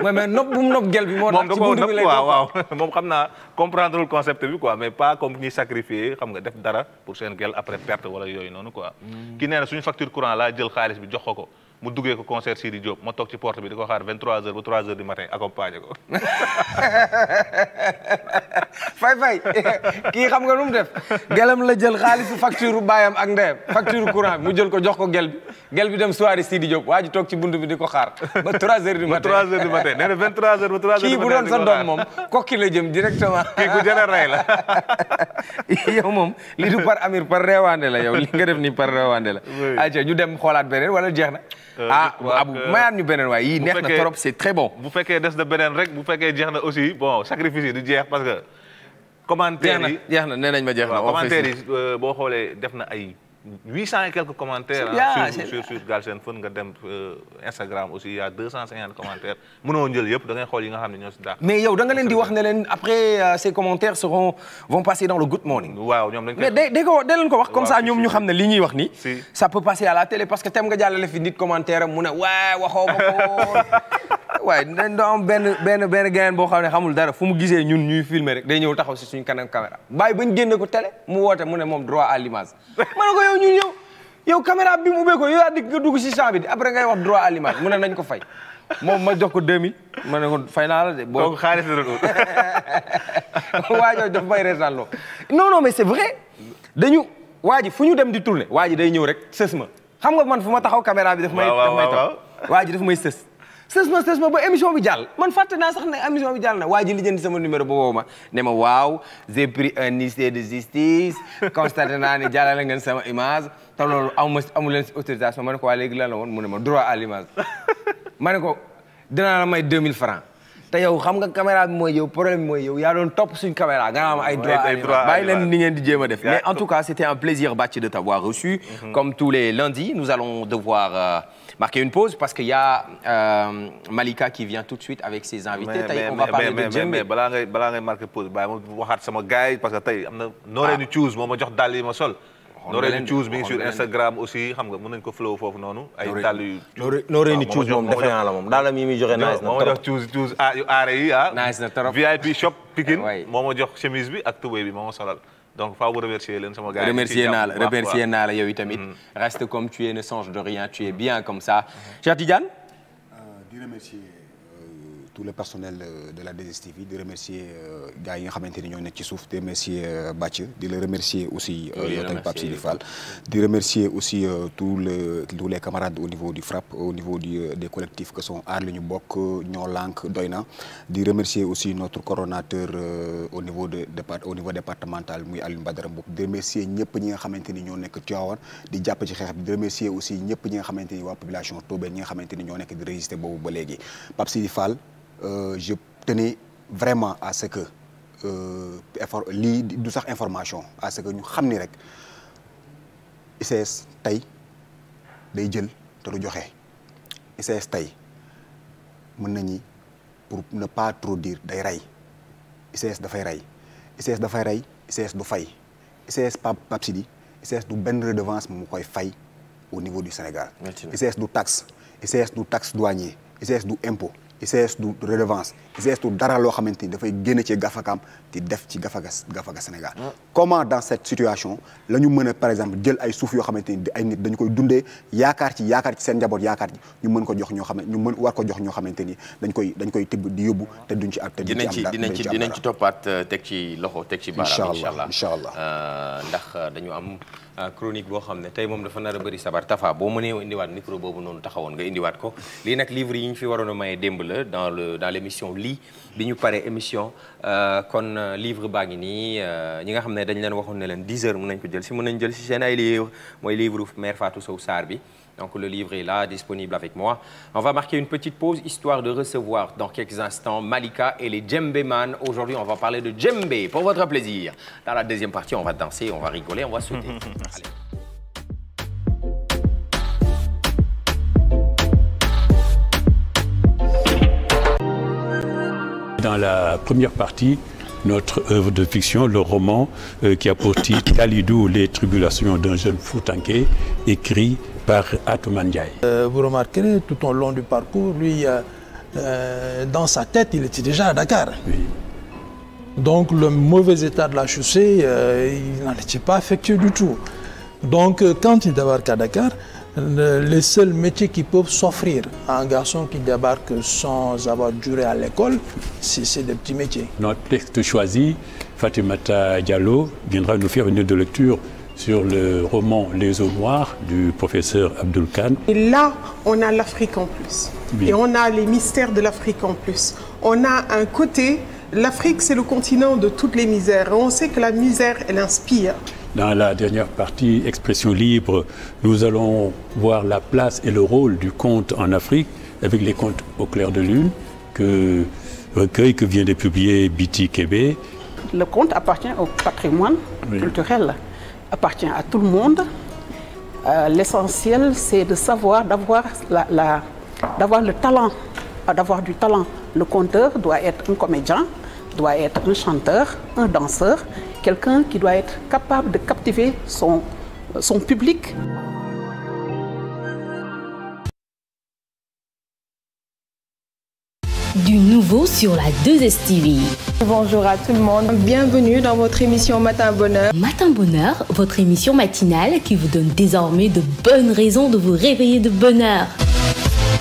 mais <laughs> mais nopp bu mu nopp gel bi. moo <laughs> tax ci buntu bi lay waaw <laughs> moom xam naa comprendre le concept bi quoi mais pas comme ñuy sacrifier xam nga def dara pour seen gel après perte wala yooyu noonu quoi. Mm. ki nee suñu facture courant laa jël xaalis bi jox ko ko. mu duggee ko concert Sidi Diop ma toog ci porte bi di ko xaar 23h ba 3h du matin accompagné ko. <laughs> fay fay <laughs> kii xam nga nu mu def gelam la jël xaalisu facture baayam ak ndeyam facture courant bi mu jël ko jox ko gel bi gel bi dem soirée Sidi Diop waa ji toog ci buntu bi di ko xaar ba 3 heures du matin ba bu doon sa doom moom kokki la jëm directement. kii ku jëlee rey la. <laughs> yow moom li du par amir par reewaande la yow li nga def nii par reewaande la. ñu dem xoolaat beneen wala jeex na. Euh, ah abu mayaat ñu beneen waaye yi neex na trop c'est très bon. bu fekkee des na beneen rek bu fekkee jeex na aussi bon sacrifice yi du jeex parce que. commentaire yi jeex na jeex na nee nañ ma jeex na. commentaire euh, boo xoolee def na ay. huit cent et quelques commentaires ah sur sur sur Galsen Fun nga dem euh, Instagram aussi y' a deux cent cinquante commentaires mënoo njël yëpp da ngay xool yi nga xam ne ñoo si dàq. mais yow da leen di wax ne leen après euh, ces commentaires seront vont passer dans le good morning. mais day day ko wax comme ça ñoom ñu xam ne li ñuy wax ni ça peut passer à la télé parce que tem nga jàllale fi nit commentaire mu ne waaw waxoo ma <laughs> waaye dañ benn benn benn gain boo xam ne xamul dara fu mu gisee ñun ñuy filmer rek day ñëw taxaw si suñu kanam caméra. bàyyi ba ñu génne ko télé mu moom droit à l'image <laughs> yow ñun yow yow caméra bi mu ubbee ko yow yaa nga dugg si saa bi après ngay wax droit alimentaire mu ne nañ ko fay moom ma jox ko 2000 ma ne ko fay naa la de. boo xaalis la doon <laughs> waa jooju daf may reetaan loo non non mais c'est vrai dañu waaji fu ñu dem di tourner waa ji day ñëw rek sës ma xam nga man fu ma taxaw caméra bi daf may. waaw waa ji daf may sës. sës ma sës émission bi jàll man fàtte naa sax ne émission bi jàll na waa ji li jënd sama numéro boobu ma ne ma waaw j'ai un huissier de justice constaté naa ne jàllale sama image te loolu amu amu ma ne ko waa la woon mu ne ma droit à l'image <laughs> ma ne ko dinaa la may 2000 francs te yow xam nga caméra bi mooy yow problème bi mooy yow yaa doon topp suñ caméra nga ay droit ay droit bàyyi leen ni ngeen a def mais en tout cas c'était un marquer une pause parce qu'il y a euh, Malika qui vient tout de suite avec ses invités. tey on va parler de Djembe mais balaa ngay balaa ngay marquer pause bàyyi ma waxaat sama gars yi parce que tey am na. Noreen Choose ah. moo ma jox dàll yi ma sol. Noreen Choose mi ngi sur Instagram aussi xam nga mën nañu ko flow foofu noonu. ay dàll yu. Noreen Choose moom defe naa la moom dàllam yi muy joxe nice na trop moo ma jox Choose Choose ah, aare yi ah. nice na trop VIP shop Pikine ah, moo ma jox chemise bi ak tubéy bi moo ma solal. donc faaw remercier leen sama gars remercier naa la remercier naa la yow itamit mm-hmm. reste comme tu es ne change de rien tu es bien comme ça Cheikh Tidiane euh, tout le personnel euh, de la 2STV di remercier euh, gars yi nga xamante ñoo nekk ci suuf di remercier euh, Bathie di la aussi yow tamit di remercier aussi tous le tous les camarades au niveau niveau du des collectifs que ñu bokk ñoo doy na di remercier aussi notre coordonnateur au niveau de au niveau départemental muy Alioune Badara Mboup di nga xamante ni ñoo nekk Tivaouane di ñëpp ñi nga xamante ni waa population Tobène ni ñoo nekk di résister boobu ba léegi Pape Sidi je tenais vraiment à ce que effort lii du sax information à ce que ñu xam ni rek ICS tey day jël te du joxe ICS tey mën nañu pour ne pas trop dire day rey ICS dafay rey ICS dafay rey ICS du fay ICS Pape Pape Sidi ICS du benn redevance mu koy fay au niveau du Sénégal. ICS du tax ICS du taxe douanier ICS du impôt. ICS du redevance gestu dara loo xamante ni dafay génn ci gafakaam di def ci gafaga gafaga Sénégal ah. comment dans cette situation la ñu mën par exemple jël ay suuf yoo xamante ni ay nit dañu koy dundee yaakaar ci yaakaar ci seen njaboot yaakaar ci ñu mën ko jox ñoo xam ñu mën war ko jox ñoo xamante ni dañ koy dañ koy tibb di yóbbu te duñ ci ak te duñ ci ci dinañ ci toppaat euh, teg ci loxo teg ci baaraam incha allah incha allah euh, ndax euh, dañu am chronique boo xam ne tey moom dafa nar a bëri sabar tafa boo mënee indiwaat micro boobu noonu taxawoon nga indiwaat ko lii nag livre yi ñu fi waroon a maye bi bi ñu paree émission euh, kon euh, livre baa ngi nii euh, ñi nga xam ne dañ leen si mën si seen ay livre mooy livre mère Fatou Sow donc le livre est là disponible avec moi on va marquer une petite pause histoire de recevoir dans quelques instants Malika et les Djembé Man aujourd'hui on va parler de djembé pour votre plaisir dans la deuxième partie on va danser on va rigoler on va sauter <laughs> Dans la première partie, notre œuvre de fiction, le roman euh, qui a pour titre Kalidou, les tribulations d'un jeune Foutanké, écrit par Atoman euh, vous remarquerez tout au long du parcours, euh, euh, dans sa tête, il était déjà à Dakar. Donc le mauvais état de la chaussée, il n'en était pas affecté du tout. Donc quand il débarque à Dakar, les seuls métiers qui peuvent s'offrir à un garçon qui débarque sans avoir duré à l'école, c'est des petits métiers. Notre texte choisi, Fatimata Diallo, viendra nous faire une note de lecture sur le roman Les eaux noires du professeur Abdul Khan. Et là, on a l'Afrique en plus. Bien. Et on a les mystères de l'Afrique en plus. On a un côté, l'Afrique c'est le continent de toutes les misères. Et on sait que la misère, elle inspire. Dans la dernière partie, Expression libre, nous allons voir la place et le rôle du conte en Afrique avec les contes au clair de lune, que recueil que vient de publier Biti Kébé. Le conte appartient au patrimoine oui. culturel, appartient à tout le monde. Euh, L'essentiel, c'est de savoir, d'avoir la, la, le talent, euh, d'avoir du talent. Le conteur doit être un comédien, doit être un chanteur, un danseur, quelqu'un qui doit être capable de captiver son, euh, nouveau sur la 2STV. Bonjour à tout le monde, bienvenue dans votre émission Matin Bonheur. Matin Bonheur, votre émission matinale qui vous donne désormais de bonnes raisons de vous réveiller de bonheur.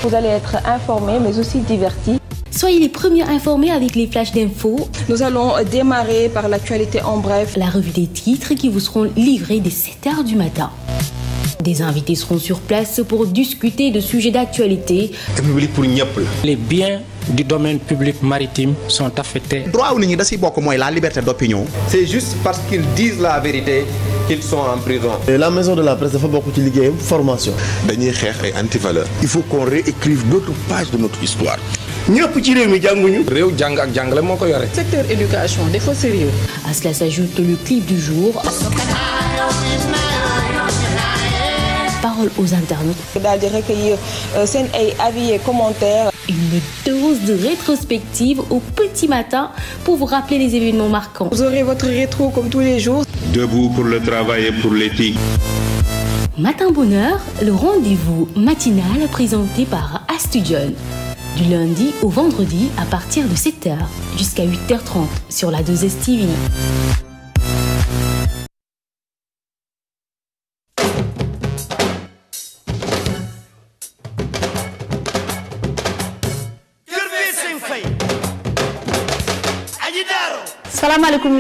Vous allez être informé mais aussi diverti Soyez les premiers informés avec les flashs d'infos. Nous allons euh, démarrer par l'actualité en bref. La revue des titres qui vous seront livrés dès 7h du matin. Des invités seront sur place pour discuter de sujets d'actualité. Les biens du domaine public maritime sont affectés. droit wu nit ñi da bokk mooy la liberté d'opinion. c'est juste parce qu'ils disent la vérité qu'ils sont en prison. Et la maison de la presse dafa bokk ci liggéeyam formation. dañuy xeex ay antivaleurs. il faut qu'on réécrive d'autres pages ñëpp ci réew mi jànguñu. réew jàng ak jàngale moo ko yore. secteur éducation dafa sérieux. À cela s'ajoute le clip du jour. Parole aux internautes. daal euh, ay avis et commentaires. Une dose de rétrospective au petit matin pour vous rappeler les événements marquants. Vous aurez votre rétro comme tous les jours. Debout pour le travail et pour l'éthique. Matin Bonheur, le rendez-vous matinal présenté par Astudion. du lundi au vendredi à partir de 7h jusqu'à 8h30 sur la 2 TV.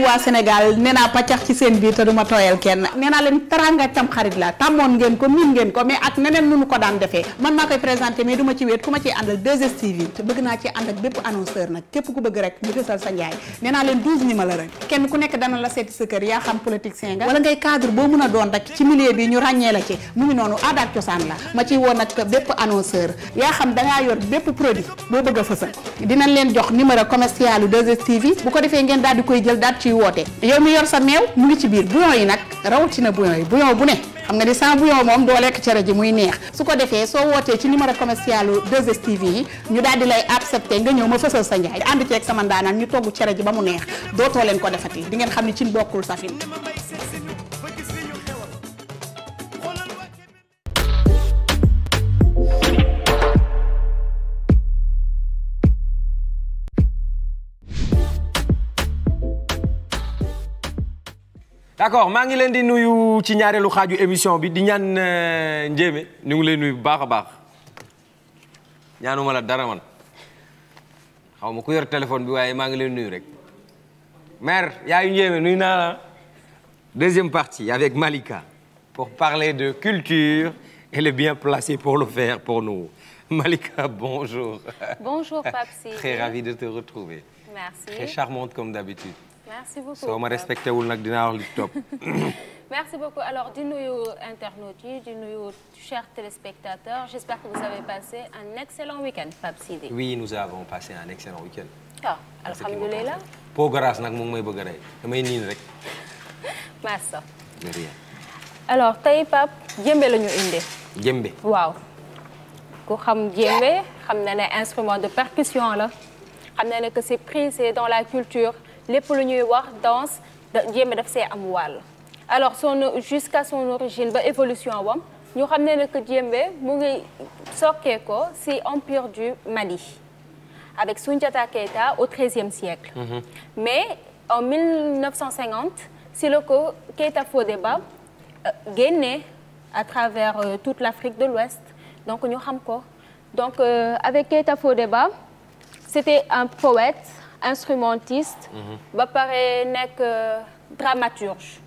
waa Sénégal nee naa ci seen biir te duma tooyal kenn nee naa leen taranga tam xarit la tàmmoon ngeen ko miin ngeen ko mais ak neneen nunu ko daan defee man maa koy présenté mais duma ci wéet ku ma ciy àndal 2STV te bëgg naa ci ànd ak bépp annonceur nag képp ku bëgg rek ñu fësal sa njaay nee naa leen 12 numéro rek kenn ku nekk dana la seeti sa kër yaa xam politicien nga wala ngay cadre boo mun a doon rek ci milieu bi ñu ràññee a woote yow mi yor sa meew mu ngi ci biir bouillon yi nag rawatina bouillon yi bouillon bu ne xam nga ni sans bouillon moom doo lekk cere ji muy neex su ko defee soo wootee ci numéro commercial 2STV yi ñu daal lay accepté nga ñëw ma fësal sa njaay ànd ceeg sama ndaanaan ñu togg cere ji ba mu neex dootoo leen ko defati di ngeen xam ni cin bokkul safin d'accord maa ngi leen di nuyu ci ñaareelu xaaju émission bi di ñaan euh, njéeme ñu ngi lay nuyu bu baax a baax ñaanuma la dara man xaw ma ku yor téléphone bi waaye maa ngi leen nuyu rek mère yaayu njéeme nuyu naa la deuxième partie avec Malika pour parler de culture elle est bien placée pour le faire pour nous Malika bonjour. bonjour Pape Sidy. <laughs> très ravi de te retrouver. très charmante comme d'habitude merci beaucoup soo ma respecté wul nag dinaa wax li topp. <coughs> merci beaucoup alors di nuyu internautes yi di nuyu chers téléspectateurs j'espère que vous avez passé un excellent week-end Pape Sidi. oui nous avons passé un excellent week-end. ah alhamdulilah. po grâce nag moom mooy bëgg a rey damay niin rek. <laughs> massa. de rien. alors tey Pape jëmbe la ñu indi. jëmbe waaw. ku xam jëmbe xam na ne instrument de percussion la xam na ne que c'est pris c'est dans la culture. lépp lu ñuy wax danse jéem a def see alors son jusqu'à son origine ba évolution wam ñu xam ne ne que Djembé mu ngi sokkee ko ci empire du Mali avec Soundiata Keita au XIIIe siècle. Mm -hmm. mais en 1950 ci la ko Keita Fodeba euh, génnee à travers euh, toute l'Afrique de l'Ouest donc ñu xam ko donc euh, avec Keita Fodeba c'était un poète. instrumentiste. Mhm. ba pare nekk euh, dramaturge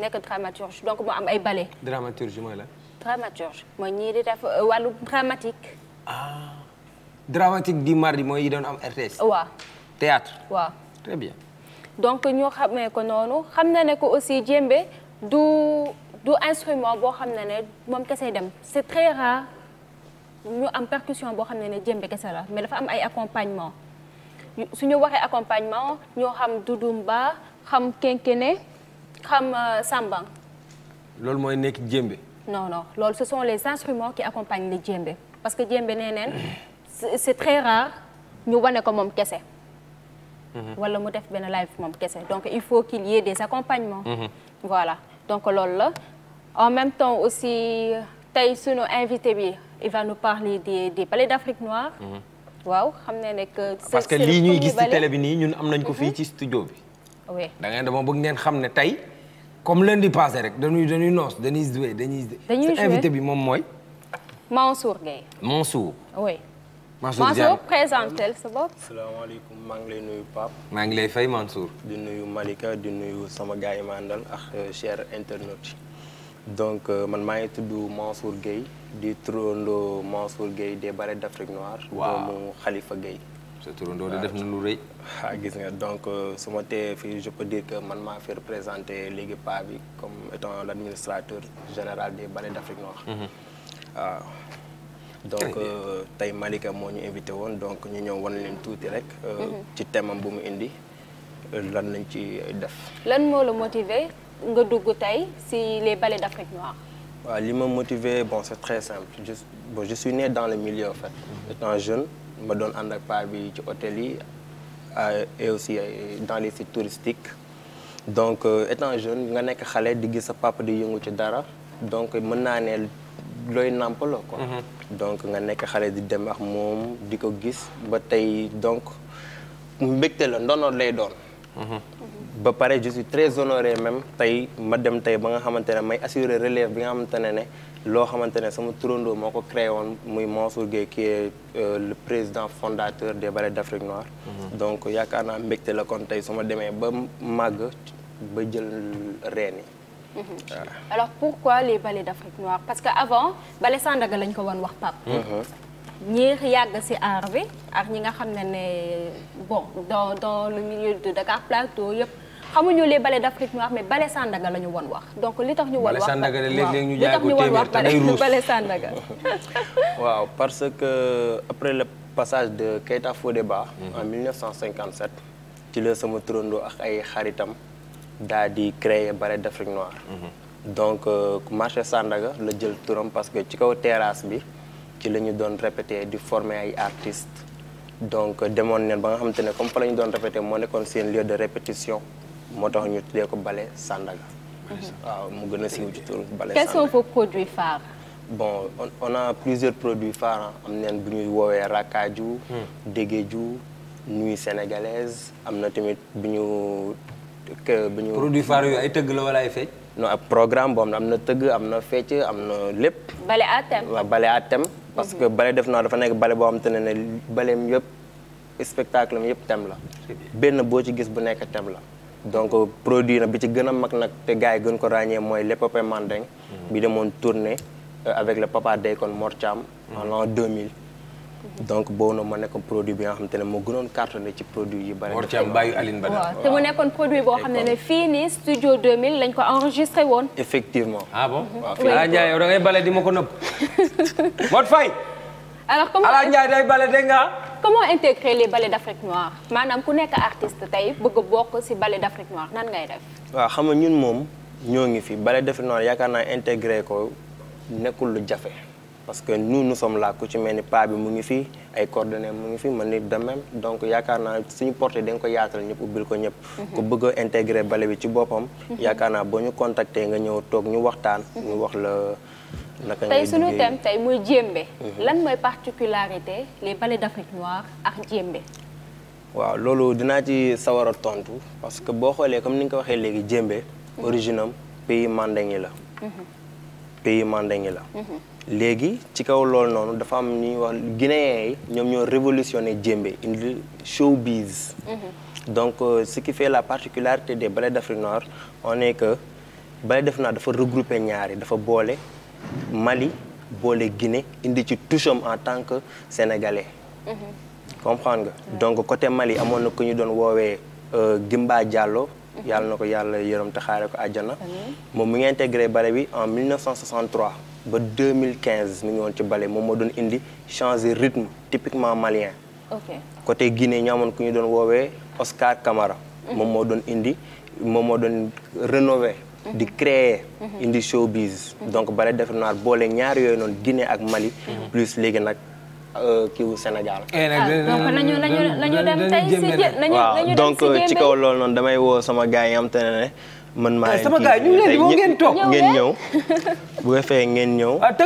nekk dramaturge donc mu am ay ballet. dramaturge mooy la. dramaturge mooy ñii di def euh, wàllu dramatique. ah dramatique du mooy yi doon am RTS. waaw théâtre. waaw très bien. donc ñoo xamee noonu xam na ne ko aussi jéembe du du instrument boo xam ne ne moom kese dem c'est très rare ñu am percussion boo xam ne ne jéembe kese la mais dafa am ay accompagnement ñu waxee accompagnement ñoo xam dudumba xam kenkene xam euh, sambang loolu mooy nekk jéembe non non loolu ce sont les instruments qui accompagne les jéembe parce que jéembe nee neen c'est très rare ñu wane ko moom kese mhm. wala mu def benn live moom kese donc il faut qu'il y ait des accompagnements mhm. voilà donc loolu la en même temps aussi tey suñu invité bi il va nous parler des des palais d'Afrique noire mhm. waaw xam ne nekk parce que lii ñuy gis ci télé bi nii ñun am nañ ko fii mhm. ci studio bi. oui da ngeen dama bëgg ngeen xam ne tey comme leen di passé rek dañuy dañuy noos dañuy joué dañuy. dañuy joué invité bi moom mooy. Mansour Gueye. Mansour. oui. Mansour Diagne Mansour présentel sa bopp. salaamaaleykum maa ngi lay nuyu Pape. maa ngi lay fay Mansour. di nuyu Malika di nuyu sama gars yi ma àndal ak euh, cher internaute. donc euh, man maa ngi tudd Mansour Gueye di turandoo Mansour Gueye des Ballets d'Afrique Noire. waaw doomu xalifa Gueye. sa turandoo di def na lu rëy. <laughs> ah gis nga donc euh, su ma tee fii je peux dire que man maa fi représenté léegi paa comme étant l' général des Ballets d'Afrique Noire. Mhm. waaw. donc euh, tey Malika moo ñu invité woon donc ñu ñëw wan leen tuuti rek. Mhm. ci thème bu mu indi lan lañ ci def. lan moo la motivé nga dugg tey si les ballets d'Afrique noire waaw li ma motivé bon c'est très simple juste bon je dans le milieu en fait mhm. étant jeune ma doon ànd ak paa bi ci hôtel yi euh, et aussi euh, dans les sites touristiques donc euh, étant jeune nga nekk xale di gis sa papa di yëngu ci dara donc mën naa ne looy nampaloo quoi mhm. donc nga nekk xale di dem ak moom di ko gis ba tey donc mbégte la ndono lay doon mhm. ba pare je suis très honoré même tey ma dem tey ba nga xamante ne may assurer relève bi nga xamante ne ne loo xamante ne sama turandoo moo ko créé woon muy Mansour Gueye ki est euh, le président fondateur des ballets d'Afrique noire. Mhm. donc yaakaar naa mbégte la kon tey su ma demee ba màgg ba jël reen yi. Mhm. alors pourquoi les ballets d'Afrique noire parce que avant ballet Sandaga lañ ko woon wax pap mhm. ñi yàgg ci art bi ak ñi nga xam ne ne bon dans le milieu de Dakar Plateau yëpp. xamuñu les ballets d'Afrique noirs mais ballet Sandaga la ñu won wax donc li tax ñu won wax li tax ñu won wax ballet <laughs> Sandaga <laughs> waaw parce que après le passage de Keita Fodéba mhm. en 1957 ci la sama turandoo ak ay xaritam daal di créer ballet d'Afrique noire mhm. donc euh, marché Sandaga la jël turam parce que ci kaw terrasse bi ci la ñu doon répété di former ay artistes donc demoon neen ba nga xamante ne comme fa la ñu doon répété moo nekkoon seen lieu de moo tax ñu tuddee ko bale Sandaga. waaw mu gën a siiw ci tur Balai Sandaga. quels sont vos produits phares. bon on, a plusieurs produits phares am neen bu ñuy woowee Rakaju. Hmm. Degeju Nuit sénégalaise am na tamit bu ñu. bu ñu produits phares yooyu ay tëgg la wala ay fecc. non ak programme boo xam ne am na tëgg am na fecc am na lépp. bale à thème bale à thème parce que bale def naa dafa nekk bale boo xam te ne ne baleem yëpp spectacle yëpp thème la. benn boo ci gis bu nekk thème la. donc produit na bi ci gën a mag nag te gars yi gën ko ràññee mooy les Papa Mandeng bi demoon tournée euh, avec le papa Deykon Mor Thiam en l'an 2000 donc boobu nag ma nekkoon produit bi nga xamante ne moo gënoon cartonné ci produit yi bari. bàyyi Aline Badara waaw te mu nekkoon produit boo xam ne ne fii nii studio 2000 lañ ko enregistré woon. effectivement ah bon. waaw fii ah Ndiaye bale di ma ko nëbb <laughs> Modou Faye. alors comment ala day bale dégg nga comment intégrer bale ballets d'Afrique noire maanaam ku nekk artiste tey bëgg a bokk ci ballet d'Afrique noire nan ngay def. waaw xam nga ñun moom ñoo ngi fi ballet d'Afrique noire yaakaar naa intégrer ko nekkul lu jafe parce que nous nu sommes laa ku ci mel ni paa bi mu ngi fi ay coordonnées mu ngi fi man nit de même donc yaakaar naa suñu portée da nga ko yaatal ñëpp ubbil ko ñëpp. ko mhm. bëgg a bale bi ci boppam. Mhm. yaakaar naa boo ñu contacter nga ñëw toog ñu waxtaan. ñu mhm. wax la. tey sunu thème tey mooy djembé mhm. lan mooy particularité les ballets d'Afrique noire ak djembé waaw loolu dinaa ci sawar a tontu parce que boo xoolee comme ni nga ko waxee léegi djembé mhm. origine am pays mandingue la mhm. pays mandingue la léegi ci kaw loolu noonu dafa am ñuy wax guinéens yi ñoom ñoo révolutionné djembé indi showbiz donc euh, ce qui fait la particularité des ballets d'Afrique noire on est que ballet def noire dafa regrouper ñaari dafa boole Mali boole Guinée indi ci toucham en tant que sénégalais. Mhm. comprendre nga donc côté Mali amoon na ku ñu doon woowee euh, Gimba Diallo. Mhm. yàlla na ko yàlla yërëm te xaare ko àjjana. moom mu ngi intégré bale bi en 1963 ba 2015 mi ngi ci bale moom moo doon indi changé rythme typiquement malien. ok côté Guinée ñu amoon ku ñu doon woowee Oscar Camara. Mhm. moom moo doon indi moom moo doon rénové. di créer indi showbiz. donc ballet d'Afrique noire boole ñaar yooyu noonu Guinée ak Mali. plus léegi nag euh, kiw wu Sénégal. waaw donc ci kaw loolu noonu damay woo sama gars yi te ne man maa eh, sama gars ñu leen di ngeen toog ngeen ñëw. bu fee ngeen ñëw. Ah,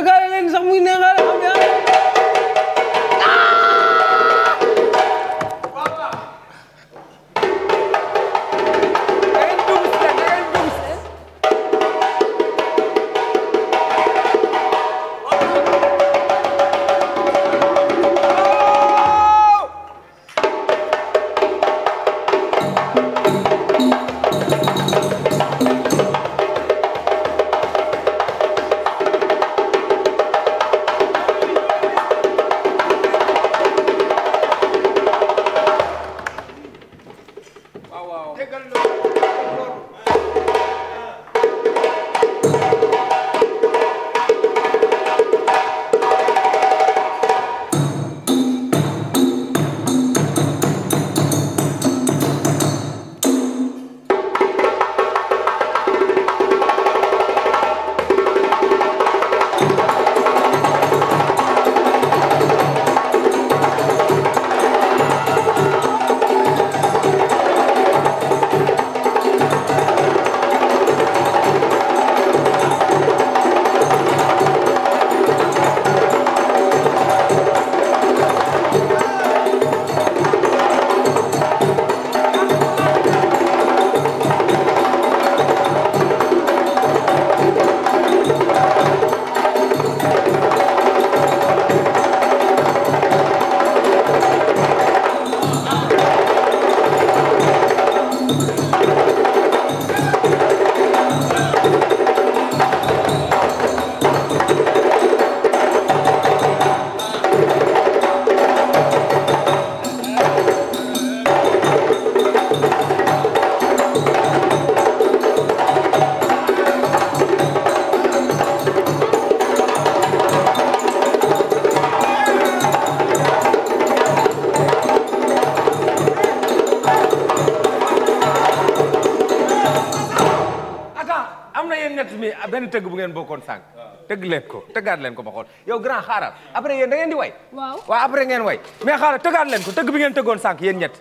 benn bu ngeen bokkoon sànq. tëgg leen ko tëggaat leen ko ma xool yow grand xaaral après yéen da ngeen di way. waaw après ngeen way mais xaaral tëggaat leen ko tëgg bi ngeen tëggoon sànq yéen ñett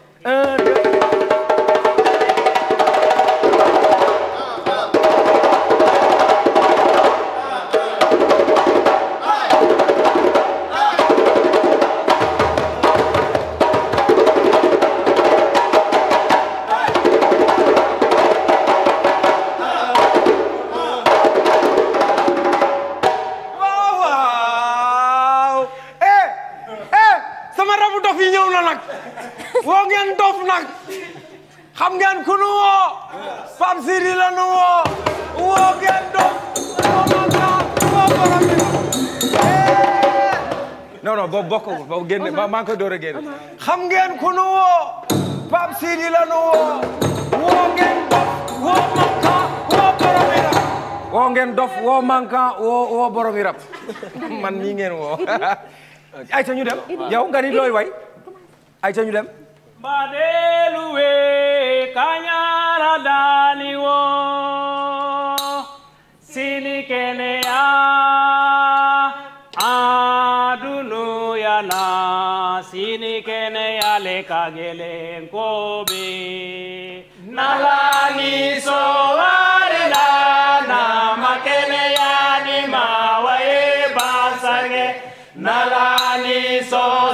génne maa maa ngi koy door a génne xam ngeen ku nu woo Pape Sidi woo woo ngeen dof woo mankan woo borom woo ngeen dof woo mankan woo woo <laughs> man mii ngeen woo <laughs> ay ca ñu dem yow nga looy way ay ca ñu dem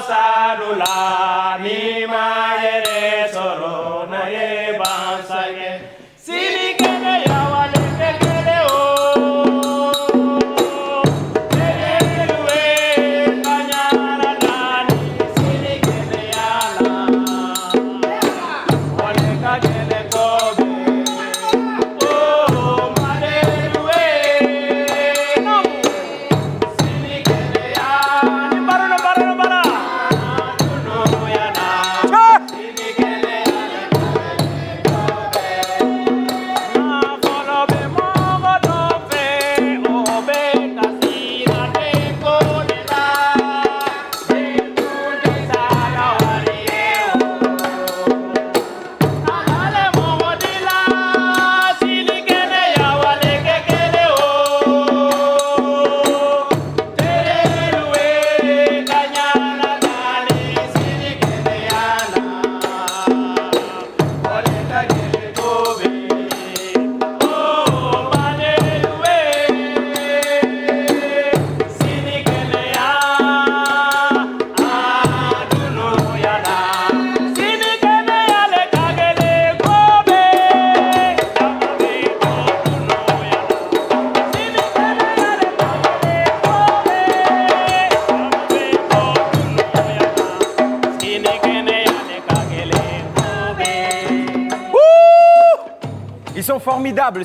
sa do la mi ma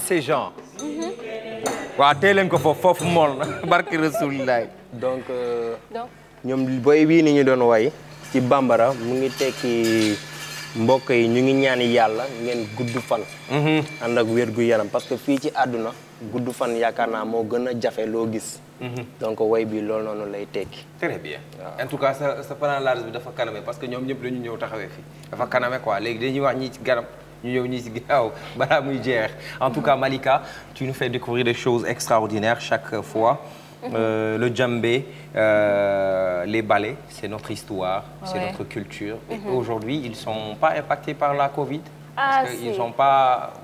ces gens. waaw tey ko foofu foofu na <laughs> barki rasulilaay euh, donc ñoom booy bii ni ñu doon way ci bambara mu ngi tekki mbokk yi ñu ngi ñaan yàlla ngeen gudd fan. Mhm. ànd ak wér gu yaram parce que fii ci àdduna gudd fan yaakaar naa moo gën a jafe loo gis. Mhm. donc way bi loolu noonu lay tekki. très bien en tout cas sa sa plan large bi dafa kaname parce que ñoom ñëpp dañu ñëw taxawee fii dafa kaname quoi léegi dañuy wax ñi ci garab. ñu ñëw ñii si ginnaaw <laughs> balaa muy jeex en tout cas Malika tu nous fais découvrir des choses extraordinaires chaque fois mhm. Euh, le djembé euh, les ballets c'est notre histoire c'est notre culture et mhm. aujourd'hui ils sont pas impactés par la Covid ah,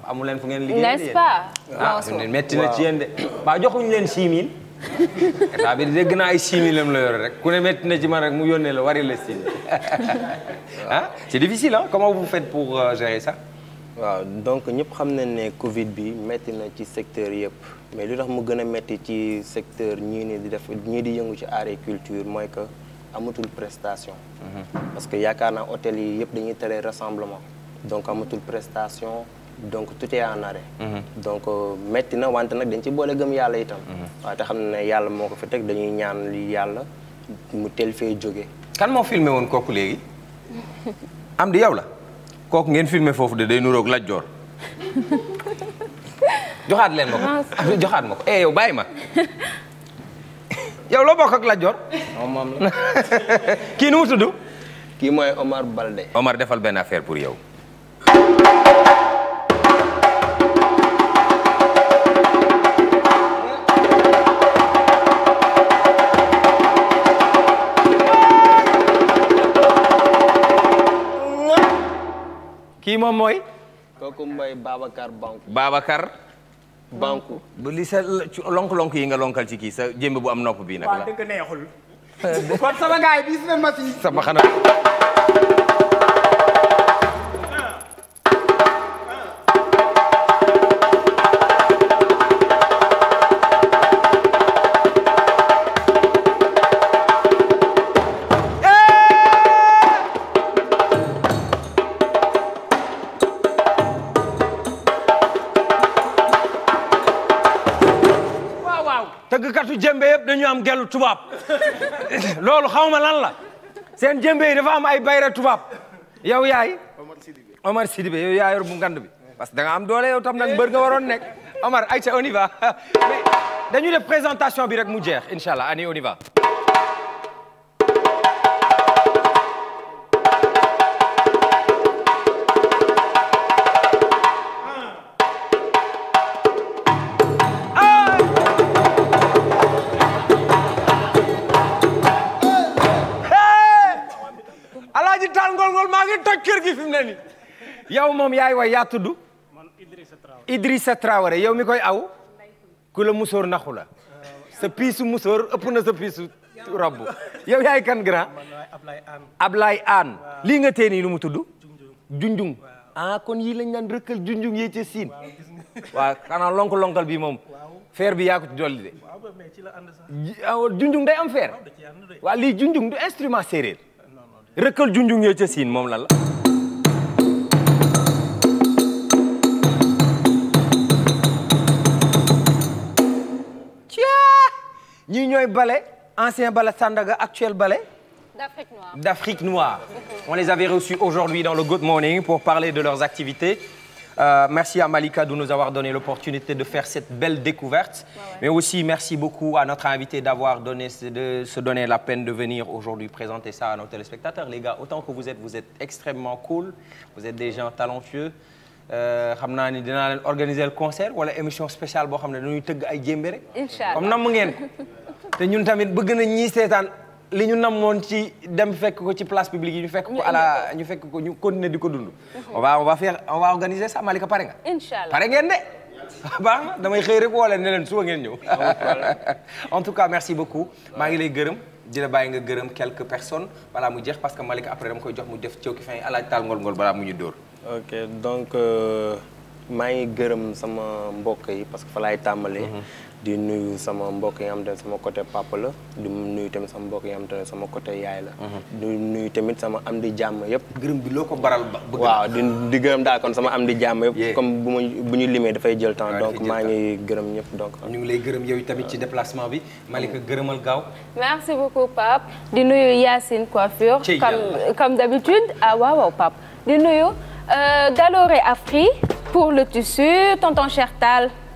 amu leen fu ngeen liggéey nest pas ah metti na ci yéen de ba joxuñu leen 6000 <laughs> dégg naa ay 6000 am rek ku na ci man mu yónnee la wari la 6000 <laughs> ah c'est difficile hein comment vous faites pour euh, gérer ça waaw donc ñëpp xam nañ ne Covid bi metti na ci secteur yëpp mais lu tax mu gën a metti ci secteur ñii ni di def ñii di yëngu ci culture mooy que amatul prestation. Mhm. parce que yaakaar naa hôtel yi yëpp dañuy tere rassemblement. donc amatul prestation donc toute en arrêt. Mhm. donc euh, metti na wante nag dañ ci boole gëm yàlla itam. Mhm. waaw te xam ne yàlla moo ko fi teg dañuy ñaan li yàlla mu tel fee jóge. kan moo filmé woon kooku léegi. <laughs> am di yow la. kooku ngeen filmé foofu de day nuroog Lat <laughs> joxaat leen ma ko ah, ah, joxaat ma ko eh yow bàyyi <laughs> loo bokk ak Lat Joor. la. <laughs> kii nu mu kii mooy Omar Balde. Omar defal benn affaire pour yow. kii moom mooy. kooku mooy Babacar Banku. Babacar. Banku. bu li sa lonk-lonk yi nga lonkal ci kii sa jëmb bu am nopp bii nag la. waaw dëgg neexul. <laughs> kon sama gars yi bis na yëpp dañu am gellu tubaab loolu xaw ma lan la seen jëmbe yi am ay bayra tubaab yow yaay Omar Sidibé yow yaa yor bu ngand bi parce que da nga am doole yow tam nag mbër nga waroon nekk Omar ayca on y dañu def présentation bi rek mu jeex incha allah ani on ngi gi fi mu ne yow moom yaay way yaa tudd Idrissa Traoré yow mi koy aw ku la musóor naxu la sa piisu musóor ëpp na sa piisu robb yow yaay kan grand Ablaye Anne lii nga tee lu mu tudd junjung ah kon yii lañ naan rëkkal junjung yee ca siin waaw xanaa lonk-lonkal bi moom feer bi yaa ko ci dolli de ah, junjung day am feer waaw lii junjung du instrument séeréer rëkkal junjung yee ca siin moom lan la. ñii ñooy ballet ancien ballet Sandaga actuel ballet. d'Afrique noire d'Afrique noire. on les avait reçus aujourd'hui dans le Good Morning pour parler de leurs activités. Euh, merci à Malika de nous avoir donné l'opportunité de faire cette belle découverte. Mais aussi, merci beaucoup à notre invité de se donner la peine de venir aujourd'hui présenter ça à nos téléspectateurs. Les gars, autant que vous êtes, extrêmement cool. Vous êtes des gens talentueux. Euh, xam naa ni organiser le concert wala émission spéciale boo xam ne dañuy tëgg ay jémbére. incha allah comme namm ngeen. <laughs> te ñun tamit bëgg nañ ñii seetaan. li ñu namoon ci dem fekk ko ci place publique yi ñu fekk ko à ñu fekk ko ñu continuer di ko dund. Mhm. on va on va faire on Malika pare nga. incha allah pare ngeen de. <laughs> baax na damay xëy rek wala ne leen suba ngeen ñëw. <laughs> en tout cas merci beaucoup. maa ngi lay gërëm. di bàyyi nga gërëm quelque personne balaa mu jeex parce que Malika après dama koy jox mu def cëw ki fin alaaj taal ngol ngol balaa mu ñu dóor. donc euh, maa ngi gërëm sama mbokk yi parce que falaay laay tàmbalee. Mhm. di nuyu sama mbokk yi nga xamante ne sama côté papa la di nuyu tamit sama mbokk yi nga xamante ne sama côté yaay la mhm. di nuyu tamit sama am di jàmm yëpp gërëm bi loo ko baral ba waaw di di gërëm daal kon sama am di jàmm yëpp comme bu ma bu ñu limee dafay jël temps donc maa ngi gërëm ñëpp donc ñu ngi lay gërëm yow tamit ci déplacement bi Malika gërëmal gaaw merci beaucoup Pape di nuyu Yacine coiffure comme comme d'habitude ah waaw waaw Pape di nuyu Galoré euh, Afri pour le tissu tonton Chertal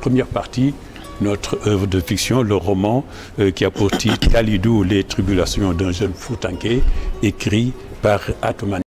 première partie, notre œuvre de fiction, le roman euh, qui a pour titre Kalidou, les tribulations d'un jeune Foutanké, écrit par Atoman.